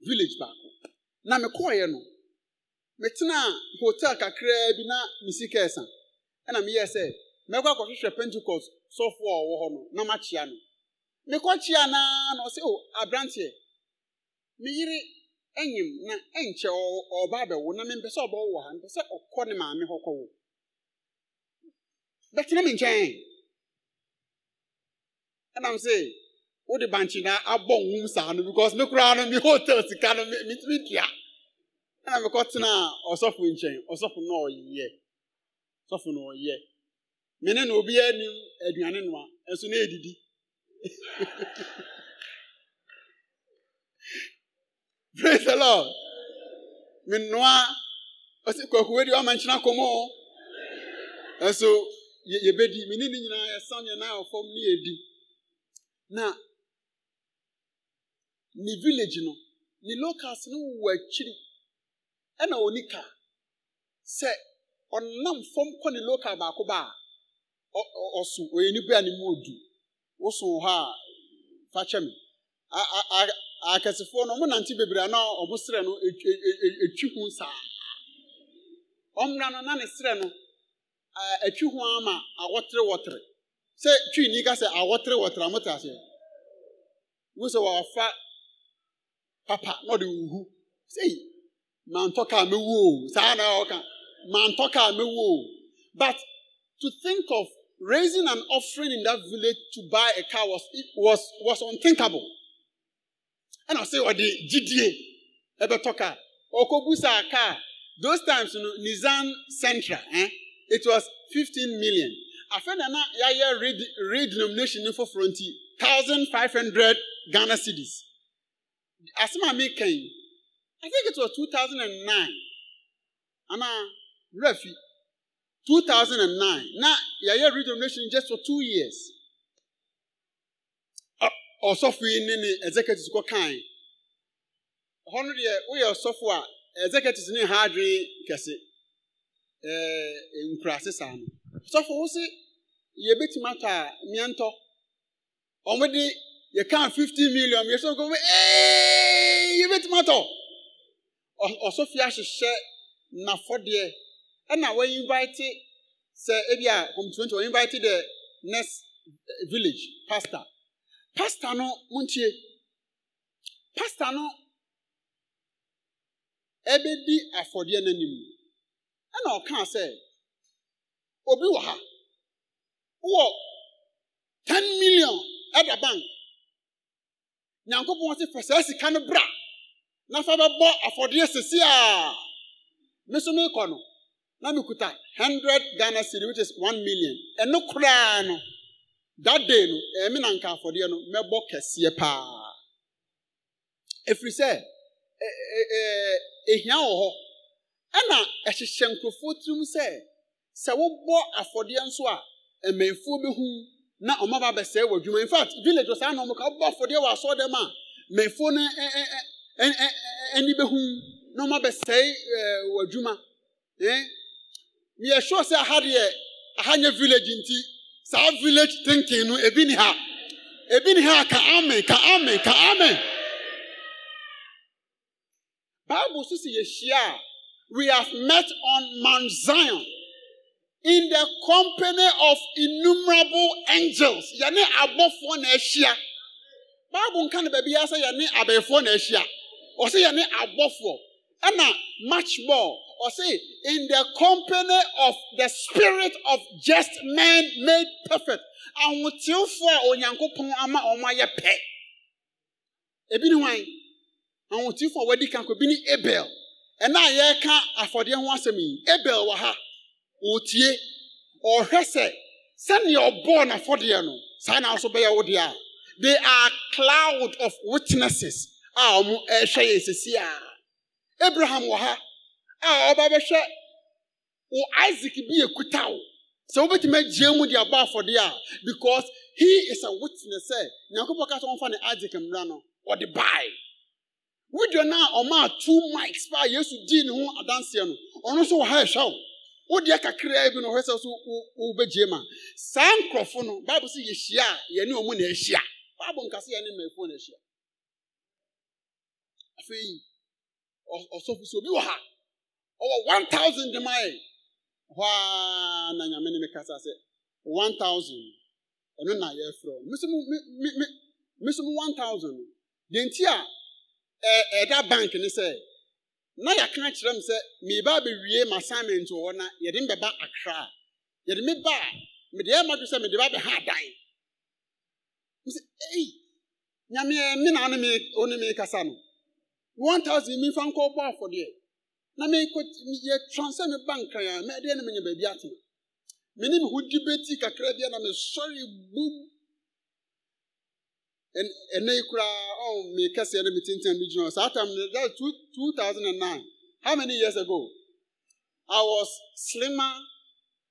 village baako na mekɔɔyɛ no metenaa hotel kakra bi na mesi kɛɛsa ɛna meyɛɛ sɛ mɛkɔ akɔhwehwɛ pentecost sɔfoɔ a ɔwɔ hɔ no na makyea no mekɔkyea naa na ɔsɛ o oh, aberanteɛ meyere anyim na ɛnkyɛ ɔba abɛwo na mempɛ sɛ ɔbɛwo wɔ ha mpɛ sɛ ɔkɔ ne maame hɔ kɔwo bɛtena me nkyɛn ɛnam sɛ wode bankye na abɔ nwom saa no because me koraa no me hotel sika no metumi dua ɛna mekɔtenaa ɔsɔfo nkyɛn ɔsɔfo no ɔyɛ ɔsɔfo na ɔyɛ me ne na obiara anim aduane noa ɛso na ɛdidi praise the lord me noa ɔsi kwakuwe di ɔma nkyena kɔmɔ ɛnso yɛbɛdi me ne nyinaa yɛsan na nan ne yɛdi na ne village no ne locals no ẹ akyiri ɛna ɔni ka sɛ ɔnam fam kɔ ne local baako ba ɔso ɔyɛ nipa a ne mu odu woso wɔ hɔ a fa kyɛ me akɛsefoɔ no bebree ɔmo srɛ no e, e, e, ho saa no na ne srɛ no. atwi ho ama awɔtere wɔtere sɛ twi ni ka sɛ awɔtere wɔtere a mote aseɛ wo sɛ wɔafa papa na ɔde wuhu sei mantɔ kaa mewu o saa na ɔka mantɔ kaa mewu o but to think of raising an offering in that village to buy a car was was was unthinkable ɛna ọ dị gyidie ebe tọka ɔkɔbu saa kaa those times nizan central eh? it was 15 million afei na yaya yɛayɛ read read nomination no foforɔ nti 1500 ghana cities asɛm a mekan i think it was 2009 anaa werɛ fi 2009 na yaya read nomination just for two years ɔsɔfo yi ne ne executives kɔ kan hɔ no deɛ woyɛ a executives ni ha adwene kɛse ɛɛ nkuraase saa no sɔfo wosi yɛbɛtumi atɔ a mmiɛntɔ wɔn de yɛka fifty million yɛ sɔfo wɔn ɛɛɛ yɛbɛtumi atɔ ɔsɔfo ahyehyɛ n'afɔdeɛ ɛna wɔn invite sɛ ebi a kɔmpiuta wɔn invite the next village pastor pastor no montie pastor no ɛbɛdi afɔdeɛ n'anim. ɛna ɔkaa sɛ obi wɔ ha wɔ ten million ɛda bank nyankopɔn sɛ fɛ saa sika no bra sisi a no na mekuta hundred ghana cedi which is one million ɛno koraa no that day no ɛmi na nka afɔdeɛ no kɛseɛ paa ɛna ɛhyehyɛ nkurɔfoɔ tirim sɛ sɛ wobɔ afɔdeɛ nso a mmanfuo hu na ɔma ba bɛsɛe wɔ adwuma in fact village wɔ saa na ɔmo ka wobɔ afɔdeɛ wɔ asɔ dɛm a mmanfuo no ani bɛhu na ɔma bɛsɛe wɔ adwuma meyɛ sɛ aha deɛ aha nyɛ village nti saa village thinking no ebi ni ha ebi ni ha ka amen ka amen ka amen bible so si yɛhyia a we have met on Mount Zion in the company of innumerable angels. Yɛne abɔfoɔ na ahyia. Bible nka no baabi sɛ yɛne abɛɛfoɔ na ahyia. Ɔsɛ yɛne abɔfoɔ. Ɛna much more. Ɔsɛ in the company of the spirit of just men made perfect. Ahotefoɔ a Onyankopɔn ama wɔn ayɛ pɛ. Ebi ne hwan? Ahotefoɔ a wɔadi kan kɔ. Ebi ne Abel. na ya yɛreka afɔdeɛ ho asem yi ebel wɔ ha ɔretie ɔrehwɛ sɛ sɛnea ɔbɔɔ n'afɔdeɛ no saa na nso bɛyɛ wo deɛ a they are cloud of witnesses a wɔn ɛrehwɛ ya sisi a abraham wɔ ha a ɔba bɛhwɛ wɔ isaac bi ekuta wo sɛ wobɛtumi agyia mu de abɔ afɔdeɛ a because he is a witness na nyankopɔn ka sɛ wɔmfa ne isaac mmra no wɔde bae. wogya no a ɔmaa two mics paa yesu dii ne ho adanseɛ no ɔno nso wɔ ha ɛhwɛ wo wodeɛ kakraa bi no ɔhwɛ sɛ so wobɛgye ma saa nkurɔfo no baabu sɛ yɛhyia a yɛne ɔmu na ahyia baabu nka sɛ yɛne mmafoɔ na ahyia afei ɔsɔfo sɛ obi wɔ ha ɔwɔ one thousand de ma yɛ hɔ a na nyame ne mekasa sɛ one thousand ɛno na yɛfrɛ no mesom one thousand deɛ nti a ɛda bank ne sɛ na yɛaka kyerɛ m sɛ meba bɛwie ma assignment wɔ na yɛde me akra a yɛde me ba a mede ɛma do sɛ mede ba bɛha adan sɛ ei nyameɛ me na ɔne kasa no 1000 memfa nkɔ bɔ afɔdeɛ na yɛtransɛ me bank a mɛdeɛ ne menya baabi atena mene me ho gye bɛti kakra bia na mesɔre bum ɛnɛ yi kura, ɔn oh, mi kɛseɛ ne mi tenten mi gyina saa tam no that two two thousand and nine how many years ago I was slimmer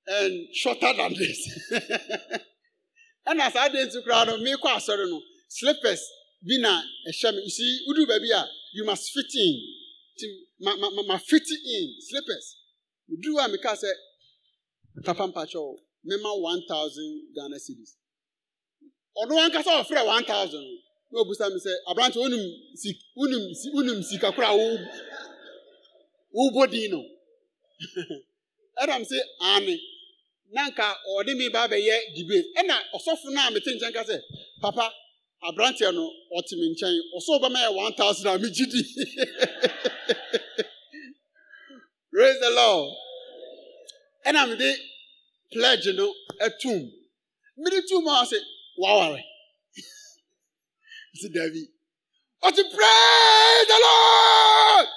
and shorter than this ɛnna saa de nti koraa no mi kɔ asɔre no slippers bi na ɛhyɛ mi si udu baabi a ah, you must fit in ti ma ma ma ma fit in slippers Uduba a ah, mi ka sɛ papa mpatsɔ mi ma one thousand Ghana cedis. ọnụ ankasa ọfrɛ 1000 na obusa mi sɛ aberante m si unum si unum sika kora wo wubo din no ɛna mi sɛ ane na nka ɔde m ba abɛyɛ debate ɛna ɔsɔfo na mi te nkyɛn ka sɛ papa aberanteɛ no ɔte mi nkyɛn ɔsɔ ɔbɛma yɛ 1000 a mi gyi di praise the lord ɛna m de pledge nọ ɛtum mi de tum a sị. wàwàrẹ̀ sí dàbí ó ti pray the lord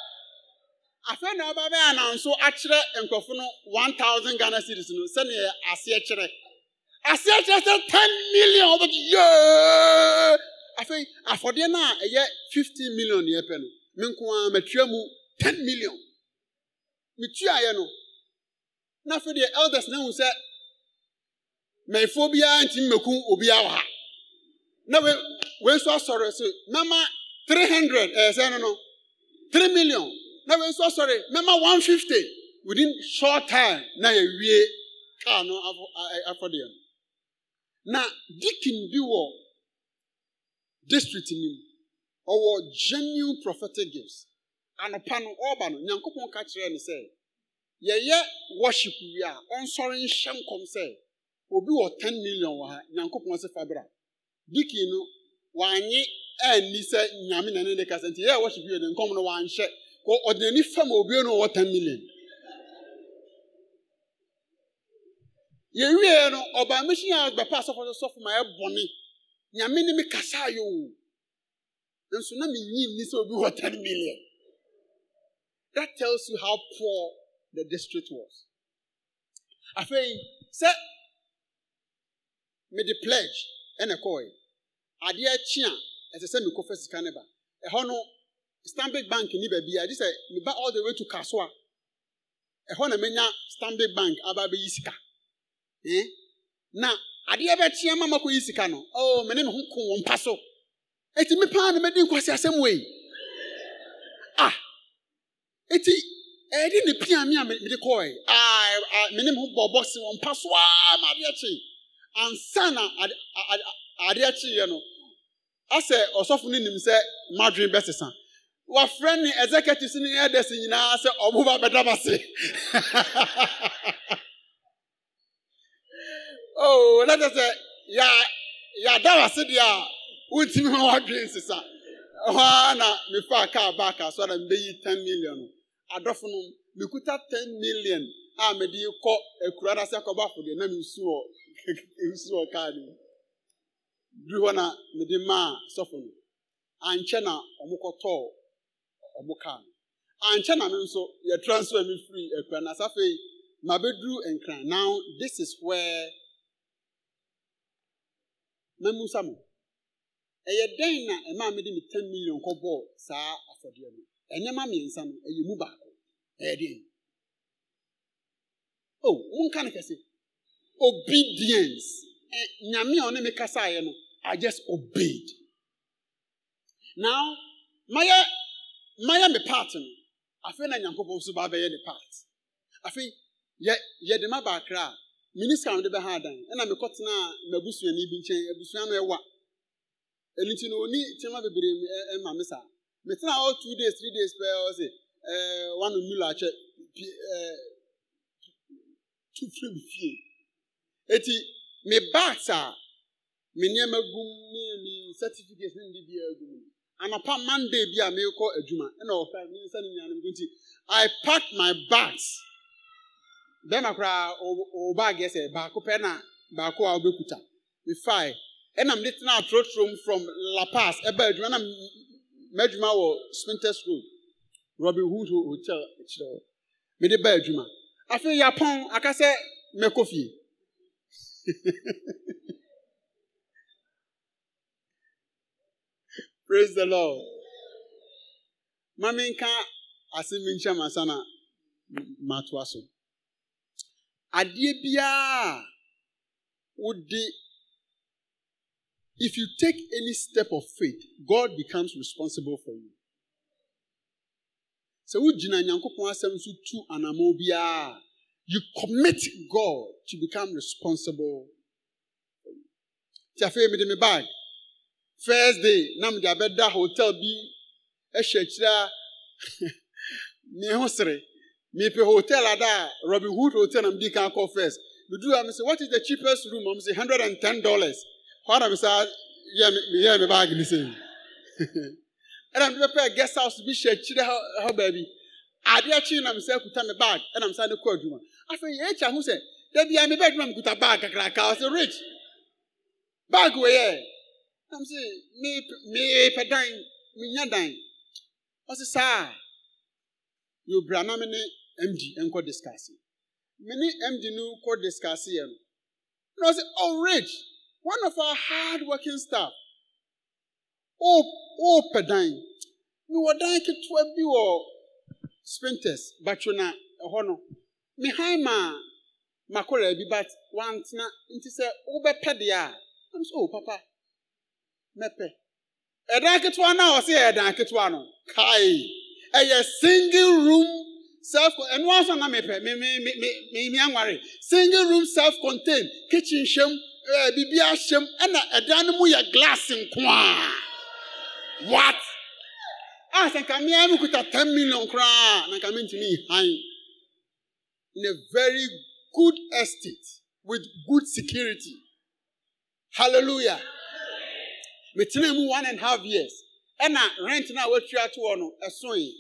afẹ́ na ọba bẹ́ẹ̀ náà nso akyerẹ nkọ̀fọ́ no one thousand Ghana series no sẹ́ni yẹ aseẹ kyerẹ aseẹ kyerẹ sẹ́ ten million ọba ti yẹ́ẹ́ afẹ́ afọ́deẹ náà ẹ̀yẹ fifteen million yẹ pẹ́ no mi nko ara mẹtua mu ten million mi tua yẹ no n'afẹ́ deɛ elders náà hù sẹ́. ma efuo biara ntumi mmeku obiara wɔ ha na we nso asɔre so mɛma three hundred ɛsɛ no three million na wee nso asɔre mɛma one fifty within short time na yɛwie kaa afọ afɔdeɛ ya na dikin bi wọ. district ni mu ɔwɔ genuine prophetic gifts anɔpa no ɔreba no nyankopɔn ka kyerɛ no sɛ worship wie a nsọrọ nhyɛ nkọm sɛ obi wɔ ten million wɔ ha nyankopɔn sɛ fabra diki no wanye ɛnni sɛ nyame na ne de kasa nti yɛ wɔhyɛ bio de nkɔm no wanhyɛ kɔ ɔde n'ani fam a obi no wɔ ten million yɛwie no ɔbaa mi hyia agbapa asɔfo sɔfo ma ɛbɔne nyame ne mi kasa ayɛ o nso na mi nyi nni sɛ obi wɔ ten million that tells you how poor the district was afei sɛ mede pledge ɛna kɔɔe adeɛ kye a ɛsɛ sɛ mekɔfa sika ne ba ɛhɔ no stanbic bank ni baabi a gye sɛ meba all the way to kasoa ɛhɔ na menya stanbic bank aba abɛyi sika eh? na adeɛ bɛkye ama makɔyi sika no oh, mene ne ho ko wɔ mpa so ɛti me paa na mɛdi nkwasi asɛm wei ah ɛti ɛyɛ de ne pia me a mede kɔɔe ah, ah, mene me ho bɔ bɔse wɔ mpa so aa ma adeɛ kye ansa na adeɛ kyeeɛ no asɛ ɔsɔfo no nim sɛ madwene bɛsesa wafrɛ ne executives ne elders nyinaa sɛ ha bɛda base oh na sɛ yà wase deɛ a wontumi ho wadwene sesa hɔ na mefa kaa baa so na mbɛyi ten million adɔfo no mekuta ten million a mede kɔ akura da sɛ kɔbɔ afɔdeɛ na mensu wɔ nsuo ɔkaa no mu duru hɔ na mede maa sɔfo no ankyɛ na kɔtɔɔ ɔmo kaa no ankyɛ na me nso yɛ nso me firi akura na asafei ma bɛduru nkran now this is where mamu sa mo ɛyɛ dɛn na ɛmaa mede me ten million kɔbɔɔ saa afɔdeɛ no ɛnɛma mmiɛnsa no ɛyɛ mu baako ɛyɛ dɛn o oh, monka no kɛse obedience nyame a ɔne me yɛ no i just obeyed now mayɛ mayɛ me part no afei na nyankopɔn nso ba bɛyɛ ne part afei yɛ yɛ yɛde ma baakra a minisika no de bɛha adan ɛna mekɔtenaa m'abusuani bi nkyɛn abusua no ɛwa ɛno nti no ɔni kyɛma bebree ɛma me saa metena hɔ two days three days pɛɛ ɔ sɛ ɛɛ wano mula akyɛ pi ɛɛ tu firi fie. eti me bags a nneɛma gum ne me certificate ne ne biara gum no anapa monday bi a meekɔ adwuma ɛna ɔfra me nsa ne nyinaa no nti i pack my bags bɛrima koraa o bag yɛ sɛ baako pɛ na baako a ɔbɛkuta me fae ɛna mede tena atorotoro from la paz ɛba adwuma na m'adwuma wɔ spinters road robin hood hotel akyerɛ hɔ mede ba adwuma afei yapɔn aka sɛ mɛkɔ praise the lord Mami nka ase mi nkyɛn ma sana ma toa so adeɛ biara wode if you take any step of faith god becomes responsible for you sɛ wogyina nyankopɔn asɛm so tu anammɔ biara You commit God to become responsible. Ti afei me bag. First day na mi de hotel bi ɛhyɛ akyire a ho sere. pe hotel ada Robin Hood hotel na mi di kan call first. Mi duru say what is the cheapest room? Am say hundred and ten dollars. Hɔ na mi say yɛ me yɛ mi bag mi say. ɛna mi de pɛ guest house bi hyɛ akyire hɔ baabi. Adeɛ na mi say kuta me bag ɛna mi say ne kɔ adwuma. afei yɛakyi aho sɛ da bia me bɛadwuma mekuta bag kakraka ɔsɛ rich bag wɔyɛ nam sɛ mepɛ dan menya dan ɔse saa yɛbra na me ne md nkɔ discase me ne md no kɔ discaseɛ no na ɔsɛ oh rich one of our hard working staff ɔɔpɛ dan mewɔ dan ketewa bi wɔ sprinters batwo na ɛhɔ e no behind ma makora bi but wantena nti sɛ wobɛpɛ deɛ a ɛm sɛ o oh, papa mɛpɛ ɛdan ketewa no a ɔsɛ yɛ ɛdan ketewa no kae ɛyɛ single room self ɛno asɔ na mepɛ me me me me me me anware single room self contained kitchen hyɛm ɛɛ bibi ahyɛm ɛna ɛdan no mu yɛ glass nko a what a ah, sɛ nka mmea kuta ten million koraa na nka mi ntumi hann. in a very good estate with good security. Hallelujah. Metena mu one and a half years. Ɛna rent na watua to hɔ no ɛsoe.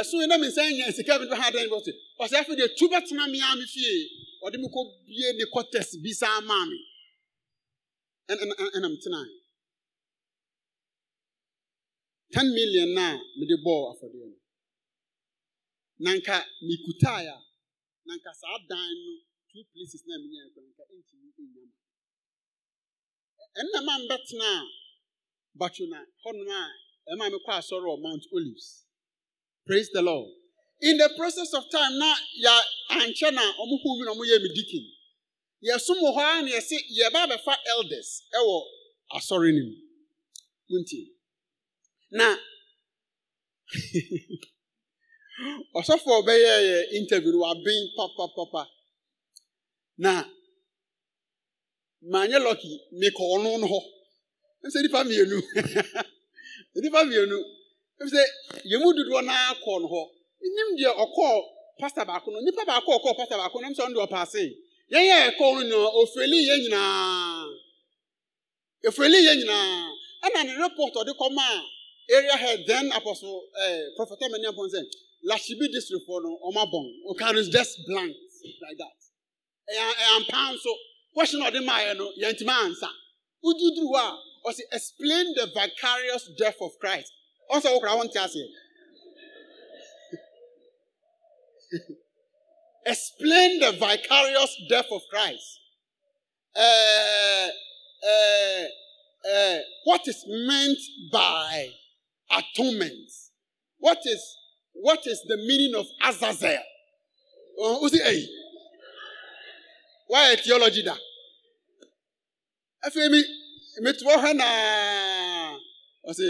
Ɛsoe na mesan nya sika bi ha dan bɔtɔ. Ɔsɛ afei deɛ tu bɛtena me ara me fie. Ɔde me kɔ bie ne quarters bi saa maa me. Ɛna ɛna ɛna metena. Ten million na mede bɔɔ afɔdeɛ no. Nanka mikutaya. na nka saa dan no two places na ɛmenyɛ nkɔ nka ntumi nyama ɛnna maa mbɛtena a bato na hɔnom a ɛmaa mi kɔ asɔre wɔ mount olives praise the lord in the process of time na yɛ ankyɛ na ọmụkwụ hu mi na wɔn yɛ mi dikin yɛsom wɔ hɔ ara na yɛsi yɛba elders ɛwɔ asɔre nim, mu na. ọsọfọ ɔbɛyɛ yɛ interview waben papapapa na maanyɛ lɔki mekɔ ɔno no hɔ ɛfisɛ nipa mmienu nipa mmienu ɛfisɛ yɛn dodoɔ naa kɔ no hɔ nim deɛ ɔkɔɔ pasta baako no nipa baako pasta baako no ɛfisɛ deɛ ɔpaase yɛn yɛ ɛkɔ nyinaa nyinaa ɛna ne report ɔde area head then apɔso ɛɛ mɛ Lashibi district for no Omabon. Okaris just blank like that. Eh, eh, eh, and pound so question of the Maya no Yantima answer. Ududua ah? or say explain the vicarious death of Christ. Also, I want to ask you. explain the vicarious death of Christ. Uh, uh, uh, what is meant by atonement? What is What is the meaning of Azazel? Uh, oh, usi, hey. Eh? Why a theology da? Afei mi metuo hɔ na ɔsi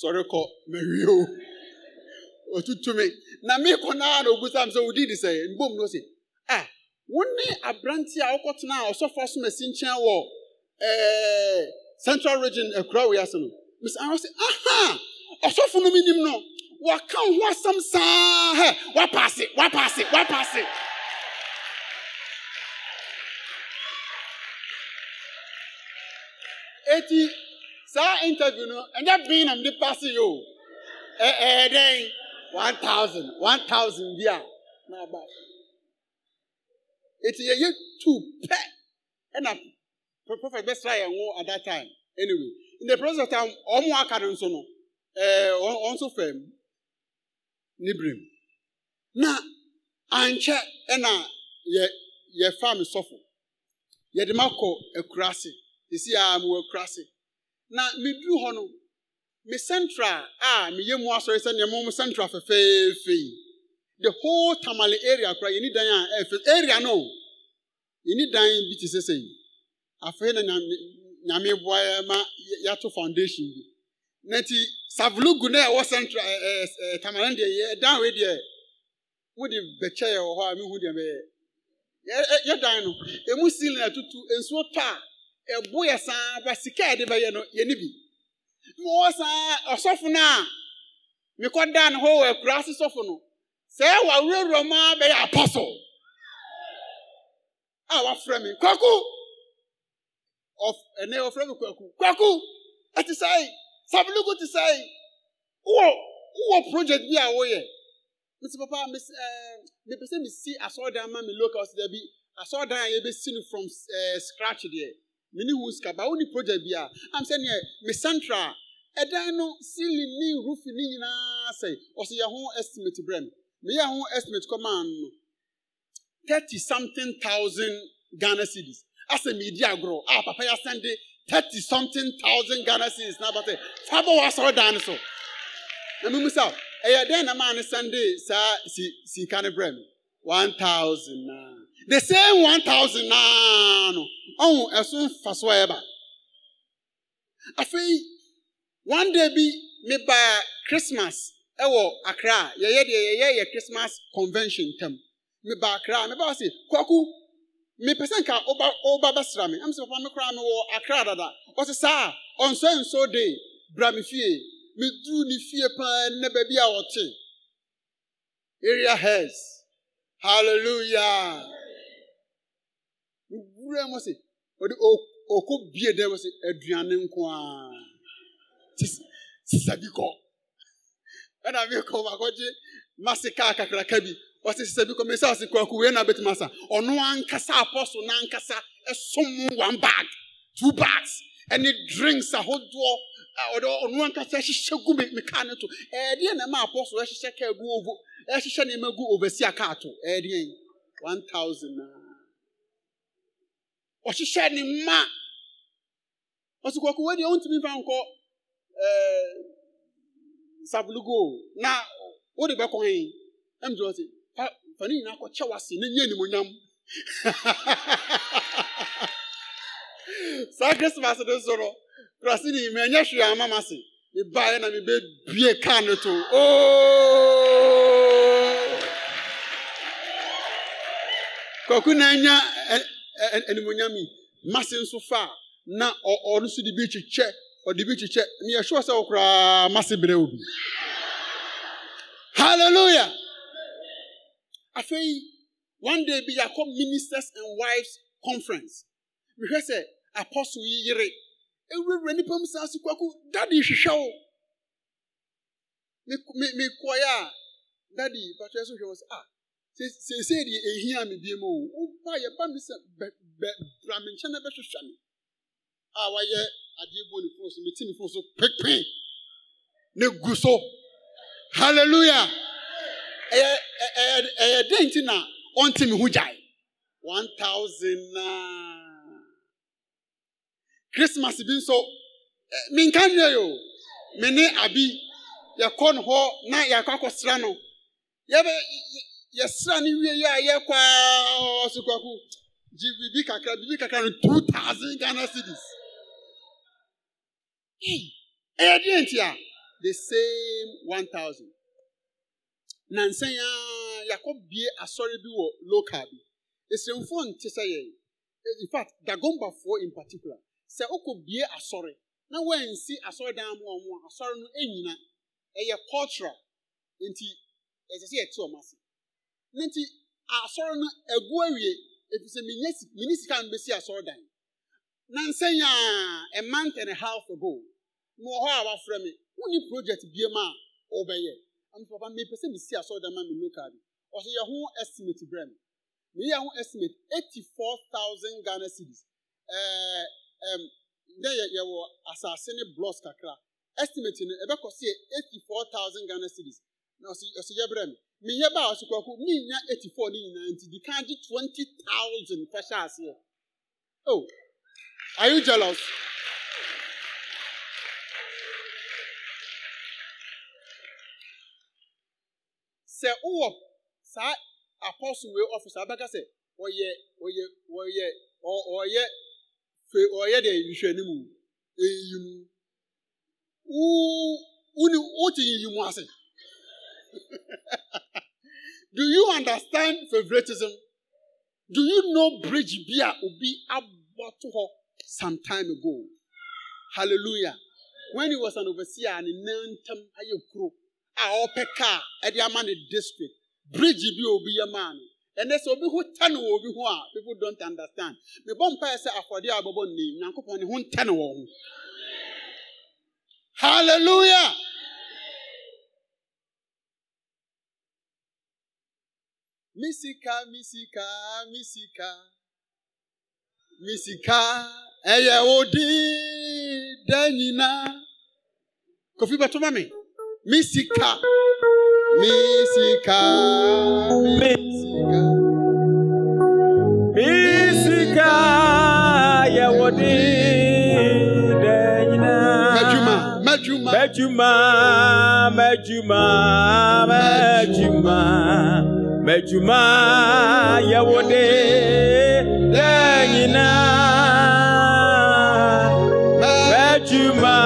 sɔre kɔ mɛwi o otutu mi na me kɔ naa na obusa mi sɛ odi di sɛ nbom no say ah wone aberante a ɔkɔtena a ɔsɔfo asomasi nkyɛn wɔ ɛɛ eh, central region ɛkura eh, wo yasɛ no mesi ahɔ sɛ aha ɔsɔfo no mi nim no. wɔka wo ho asɛm saa hɛ wapaase wapaase wapaase eti saa interview no ɛnyɛ bin na mde paase yi o ɛɛ dɛn one thousand one thousand bi a n'aba eti yɛyɛ two pɛ ɛna prophet bɛsra yɛn ho at that time anyway in the process of time ɔmo aka no nso no ɛɛ ɔnso fɛm. nibirim na ankyɛ ɛna yɛ yɛfaa me sɔfo yɛde ma kɔ akurase esi a mewɔ akurase na meduru hɔ no me central a meyɛ mu asɔre sɛ nea mo central fɛfɛɛfɛ yi the whole tamale area koraa n'i dan a ɛfɛ area no n'i dan bi te sɛ sɛ yi afei na nyame boa ma yɛato foundation bi na nti na ɛwɔ central ɛɛ ɛɛ tamaran deɛ yɛ dan wei deɛ wode bɛkyɛ yɛ wɔ hɔ a mehu deɛ bɛyɛ yɛ yɛ dan no emu siili na tutu nsuo tɔ a ɛbo yɛ saa ba sika a yɛde bɛyɛ no yɛ ne na saa ɔsɔfo no a mekɔ dan hɔ wɔ akura ase sɔfo no sɛ mu a bɛyɛ apɔsɔl a wafrɛ me kwaku ɔf ɛnɛ kwaku kwaku fabilogo te sɛ wowɔ wowɔ project bi a woyɛ nti papa mes eh, ɛɛ mepɛ sɛ mesi asɔɔdan ma mi local si dɛbi asɔɔdan a yɛbɛsi no from ɛɛ eh, scratch deɛ mini wu sika ba wo ni project bi a am sɛ neɛ me central ɛdan no ceiling ne roof ne nyinaa sɛ ɔsi yɛ ho estimate brɛ mi meyɛ ho estimate kɔma ano thirty something thousand ghana cedis asɛ mi di agorɔ a papa yɛ asɛnde thirty something thousand Ghana cedis na abata fa bɔ wɔ asɔrɔ dan so na mímu sa ɛyɛ dɛn na maa ne sande saa si sika ne brɛ mi one thousand naa the same one thousand naa no ɔn ɛso nfa so ɛyɛ ba afei one day bi mi ba christmas ɛwɔ accra yɛyɛ deɛ yɛyɛ yɛ christmas convention tam mi ba accra mi ba ɔsi kɔku mepɛ sɛ nka ɔba ɔba bɛsra me ɛmu sɛ papa mi koraa mi wɔ akra dada ɔsi saa ɔnso nso de bra me fie mi duru ne fie paa ne baabi a ɔte area heads hallelujah nwura mu sɛ ɔde ɔkɔ bie dɛm sɛ aduane nko ara sisabi kɔ ɛna mi kɔ ma kɔ gye masi kaa kakraka bi wɔsi sɛ bi kɔmi sɛ ɔsi kɔɔku wei na betuma sa ɔno ankasa apɔso n'ankasa ɛsom one bag two bags ɛne drinks ahodoɔ ɔde ɔno ankasa ɛhyehyɛ gu mi mi kaa ne to ɛɛdeɛ na ɛma apɔso ɛhyehyɛ kaa gu ovo ɛhyehyɛ nneɛma gu overseer kaa to ɛɛdeɛ one thousand naa ɔhyehyɛ ne mma ɔsi kɔɔku wei deɛ ɔntumi fa nkɔ ɛɛ sabulugo na wɔde bɛkɔn yi ɛmu tí wọ́n ti fa ne nyinaa kɔkyɛ wase ne nyɛ nimonyam saa christmas no so no kurase ne nyima ɛnyɛ hwee ama ma se mebaeɛ na mebɛbie kaa no to kwaku na anya animonyam yi mase nso fa a na ɔno nso de bi kyekyɛ ɔde bi kyekyɛ meyɛ sure sɛ wo koraa mase berɛ wo bi hallelujah afei one day bi yɛakɔ ministers and wives conference mehwɛ sɛ apostle yi yere ewurawura nipa mu saa so kwaku dadi hwehwɛ me, mekɔeɛ a dadi patwɛ so hwɛ wɔ sɛ ah seesei deɛ ɛhia me bie mu o woba yɛba me sɛ bra me nkyɛn na bɛhwehwɛ me a wayɛ adeɛ bɔ ne fon so meti ne fon so pekpen ne gu so hallelujah ɛyɛ ɛyɛ ɛyɛ den ti na ɔnte mi ho gyae one thousand naa christmas bi nso minka nnua yi o me ne abi yɛkɔ no hɔ na yɛakɔ akɔsra no yɛbɛ yɛsra no wie yi a yɛkɔ a ɔso kwaku gye biribi kakra biribi kakra no two thousand ghana cities ɛyɛ deɛ nti a the same one thousand. nansa ya yɛakɔbie asɔre bi wọ local bi esremfoɔ nte sɛ yɛn in fact dagombafoɔ in particular sɛ wokɔbie asɔre na wɔansi asɔredan mu ɔmo a asɔre no enyina ɛyɛ cultural nti ɛsɛ sɛ yɛte ɔmo ase n'eti nti asɔre no egu ewie efisɛ menye si mene sika no besi asɔredan nansa ya a month and a half ago na a wafrɛ me wɔn ni project bie mu a ọ wɔbɛyɛ. ɔno papa mepɛ sɛ mesi asɔredan ma me local bi ɔsɛ yɛ ho estimate brɛ me meyɛ ho estimate eighty four thousand ghana cedis ɛɛ ɛm dɛ yɛ yɛwɔ asase ne blocks kakra estimate no ɛbɛkɔ se yɛ eighty four thousand ghana cedis na ɔsɛ ɔsɛ yɛ brɛ me meyɛ baa ɔsɛ kɔkɔ mi nya eighty four ne nyinaa nti di kan gye twenty thousand fɛhyɛ aseɛ oh are you jealous. sɛ wowɔ saa apostle wei office abɛka sɛ ɔyɛ ɔyɛ ɔyɛ ɔyɛ fe ɔyɛ deɛ nhwɛnimu eyimu wuu wuni wotu yiyimu ase do you understand favoritism do you know bridge bi a obi abɔto hɔ some time ago hallelujah when he was an overseer ne nan ntam ayɛ kuro. a ɔpɛ kaa ɛde ama ne district bridge bi a obi yɛ maa no ɛnɛ sɛ obi ho ta no wɔ obi ho a people don't understand Me mebɔ mpaeɛ sɛ afɔdeɛ a bɔbɔ ne nyankopɔn ne ho nta no wɔ ho hallelujah misika misika misika misika ɛyɛ odi da nyinaa kofi bɛtoma me mi sika mi sika mi sika mi sika yɛ wɔde dɛ nyinaa. mɛjuma mɛjuma mɛjuma mɛjuma mɛjuma mɛjuma yɛ wɔde dɛ nyinaa. mɛjuma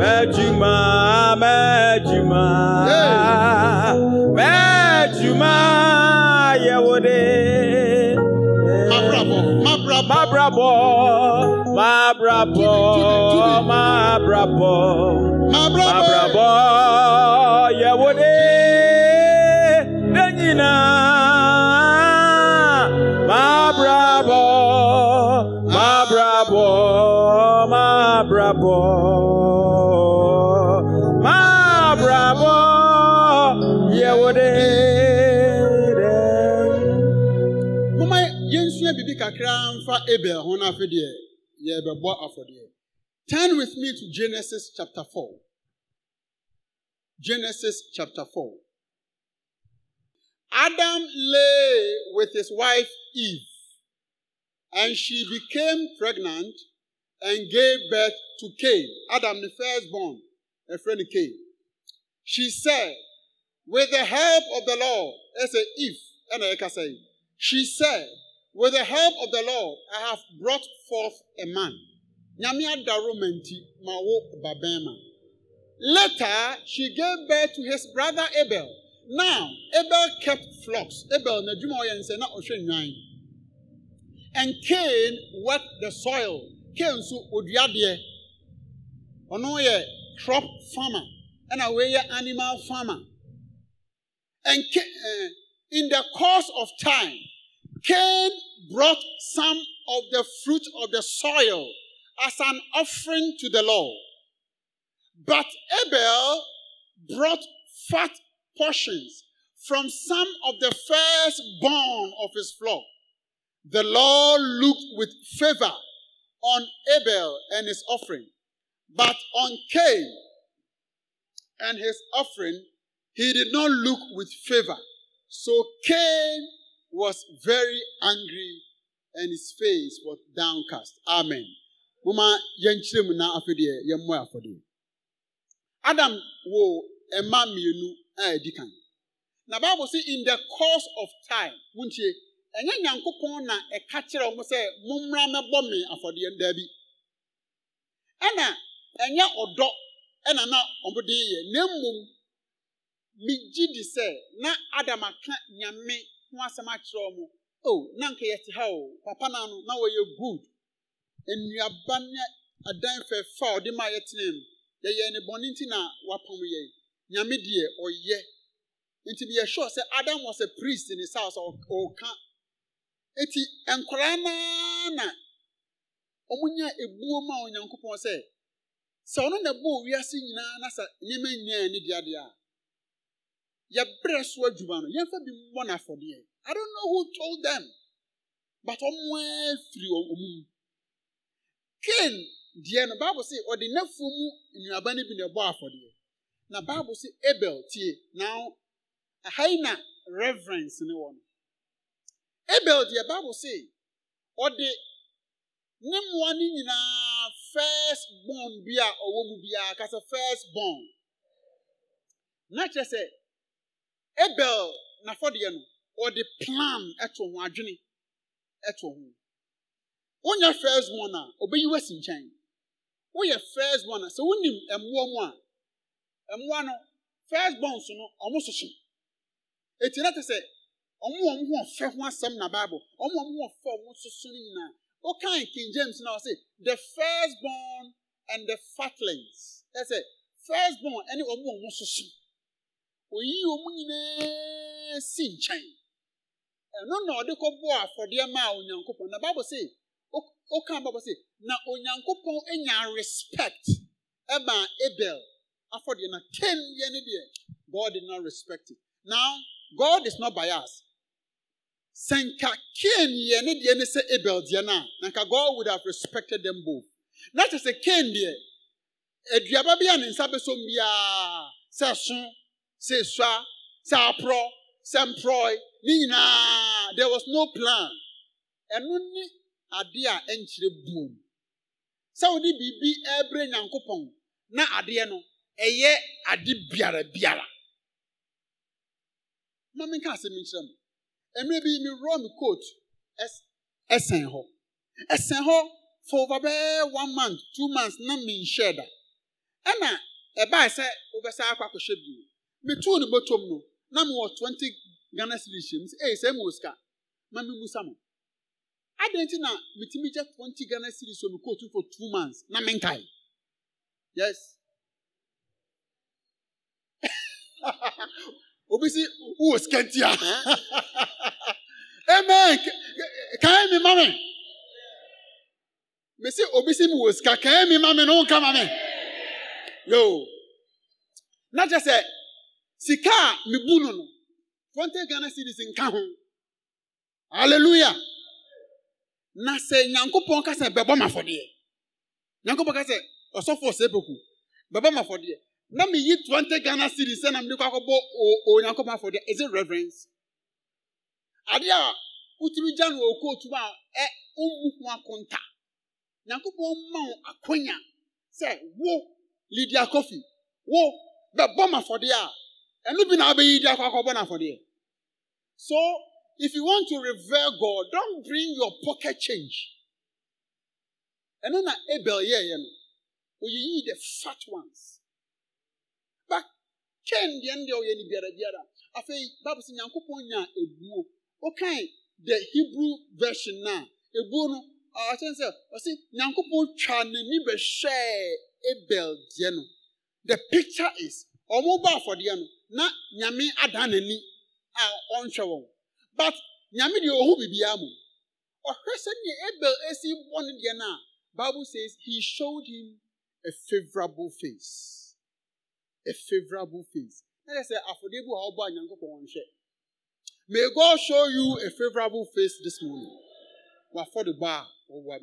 mɛjuma. mabrabɔ mabrabɔ yɛwo de ne nyinaa mabrabɔ mabrabɔ mabrabɔ mabrabɔ yɛwo de dɛ. moma yɛnsua biribi kakra mfa abel ho no afe deɛ yɛbɛbɔ afɔdeɛ Turn with me to Genesis chapter 4. Genesis chapter 4. Adam lay with his wife Eve, and she became pregnant and gave birth to Cain. Adam, the firstborn, a friend Cain. She said, With the help of the Lord, as a if, and I can say, she said, With the help of the Lord, I have brought forth a man nyame adaroma nti ma wo later she gave birth to his brother abel now abel kept flocks abel n'adwuma ɔyɛ nsɛ na ɔhwɛ and cain worked the soil cain nso odua deɛ ɔno yɛ crop farmer ɛna wei yɛ animal farmer and cain, uh, eh, in the course of time cain brought some of the fruit of the soil as an offering to the Lord. But Abel brought fat portions from some of the firstborn of his flock. The Lord looked with favor on Abel and his offering, but on Cain and his offering, he did not look with favor. So Cain was very angry and his face was downcast. Amen. momma yɛnkyerɛ mu na afeideɛ yɛmmɔ afɔdeɛ adam wụ mma mmienu a ɛdi kan na bible sị in the course of time wontie ɛnyɛ nyankopɔn na ɛka kyerɛ wɔn sɛ mommra mɛbɔ me afɔdeɛ daabi ɛna ɛnyɛ ọdọ ɛna na dị yɛ na mmom megye dị sɛ na adam aka nyame ho asɛm akyerɛ wɔn o oh, na nke ya yɛte ha o papa na no na wɔyɛ good nnuaba ne adan fɛɛfɛ a ɔde ma yɛtena mu yɛyɛ ne bɔne nti na wapam yɛn nyame deɛ ɔyɛ nti yɛ sure sɛ adam was priest in his house ɔka nti nkwaraa naa na ebuo ma onyankopɔn sɛ sɛ ɔno na ɛbɔ wiase nyinaa na sɛ nneɛma nyinaa ne deadeɛ a yɛbrɛ so adwuma no yɛmfa bi mmɔ i don't know who told but ɔmo mu. kain deɛ no bible sɛ ɔde n'afuo mu nnuaba no bi na ɛbɔ afɔdeɛ na baabu si abel tie na ha yi na reverence ne wɔ no abel deɛ bible sɛ ɔde ne mmoa no nyinaa first born bi a ɔwɔ mu biara kasa first born na kyerɛ sɛ abel n'afɔdeɛ no ɔde plan ɛto ho adwene ɛto ho wonyɛ first born a obeyi wasi nkyɛn woyɛ first born a sɛ wonim mmoa mu a mmoa no first born so no ɔmo soso eti na te sɛ ɔmo ɔmo ho ɔfɛ ho asɛm na baabu ɔmo ɔmo ho ɔfɛ ɔmo soso no nyinaa okan king james na ɔsɛ the first born and the fatlings ɛsɛ first born ɛne ɔmo ɔmo soso oyi ɔmo nyinaa si nkyɛn ɛno na ɔde kɔ bɔ afɔdeɛ maa onyankopɔn na baabu sɛ. woka baba sɛ na onyankopɔn anya respect ɛma abel afɔdeɛ na kem yɛ ne deɛ god did not respect it now god is not biased sɛ nka kem yɛ ne deɛ ne sɛ abel deɛ no a na nka god would have respected them both na kyerɛ sɛ kem deɛ aduaba bi a ne nsa bɛsɔm biara sɛ so sɛ esua sɛ aporɔ sɛ mporɔe ne nyinaa there was no plan ɛno ne ade a ɛnkyerɛ buom sɛ wode biribi ɛrebrɛ nyankopɔn na adeɛ no ɛyɛ ade biara biara ma menka asɛm nkyerɛ mo mmerɛ bi merɔ me coat ɛsɛn hɔ ɛsɛn hɔ for bɛɛ one month two months na menhyɛ da ɛna ɛbaa sɛ wobɛsa akɔ akɔhyɛ bio metoo ne bɔtɔm no na mewɔ twenty ghana cedis hyɛ mu sɛ ee sɛ ɛmu wɔ sika ma memusa mo adɛn nti na metumi gya twenty ghana series wɔ me kootu for two months na menkae yes obi si wowɔ sikantia amen kae me ma me mesi obi si mewɔ sika kae me ma me no wonka ma me yo na kyɛ sɛ sika a mebu no no ghana series nka ho hallelujah na sɛ nyankopɔn ka sɛ bɛbɔ ma afɔdeɛ nyankopɔn ka sɛ ɔsɔfo ɔsɛ bɛku bɛbɔ ma afɔdeɛ na meyi twenty ghana series sɛ na mede kɔ akɔbɔ onyankopɔn afɔdeɛ is it reverence ade a wotumi gya no wɔ kootu a ɛ ɔmmu ho akonta nyankopɔn ma wo akonya sɛ wo lidia kofi wo bɛbɔ ma afɔdeɛ a ɛno bi na wobɛyi di akɔ akɔbɔ no afɔdeɛ so If you want to revere God, don't bring your pocket change. And then Abel, yeah, you know, you eat the fat ones. But Ken, the end of any biara biara. Afei, Bible says, "Nyankopon nya ebuo." Okay, the Hebrew version now. Ebuo no, I think so. I say, "Nyankopon twa ne ni Abel die no." The picture is, ɔmo ba afɔdeɛ no, na nyame ada n'ani a ɔnhwɛ wɔn. but nyame deɛ ɔhu biribiara mu ɔhwɛ sɛdeɛ abel asi bɔ no deɛ no a bible says he showed him a favorable face a favorable face na dɛ sɛ afɔdeɛ bi wɔ a wɔbɔ a nyankopɔn nhwɛ may god show you a favorable face this morning wafɔ de bɔ a wɔwɔ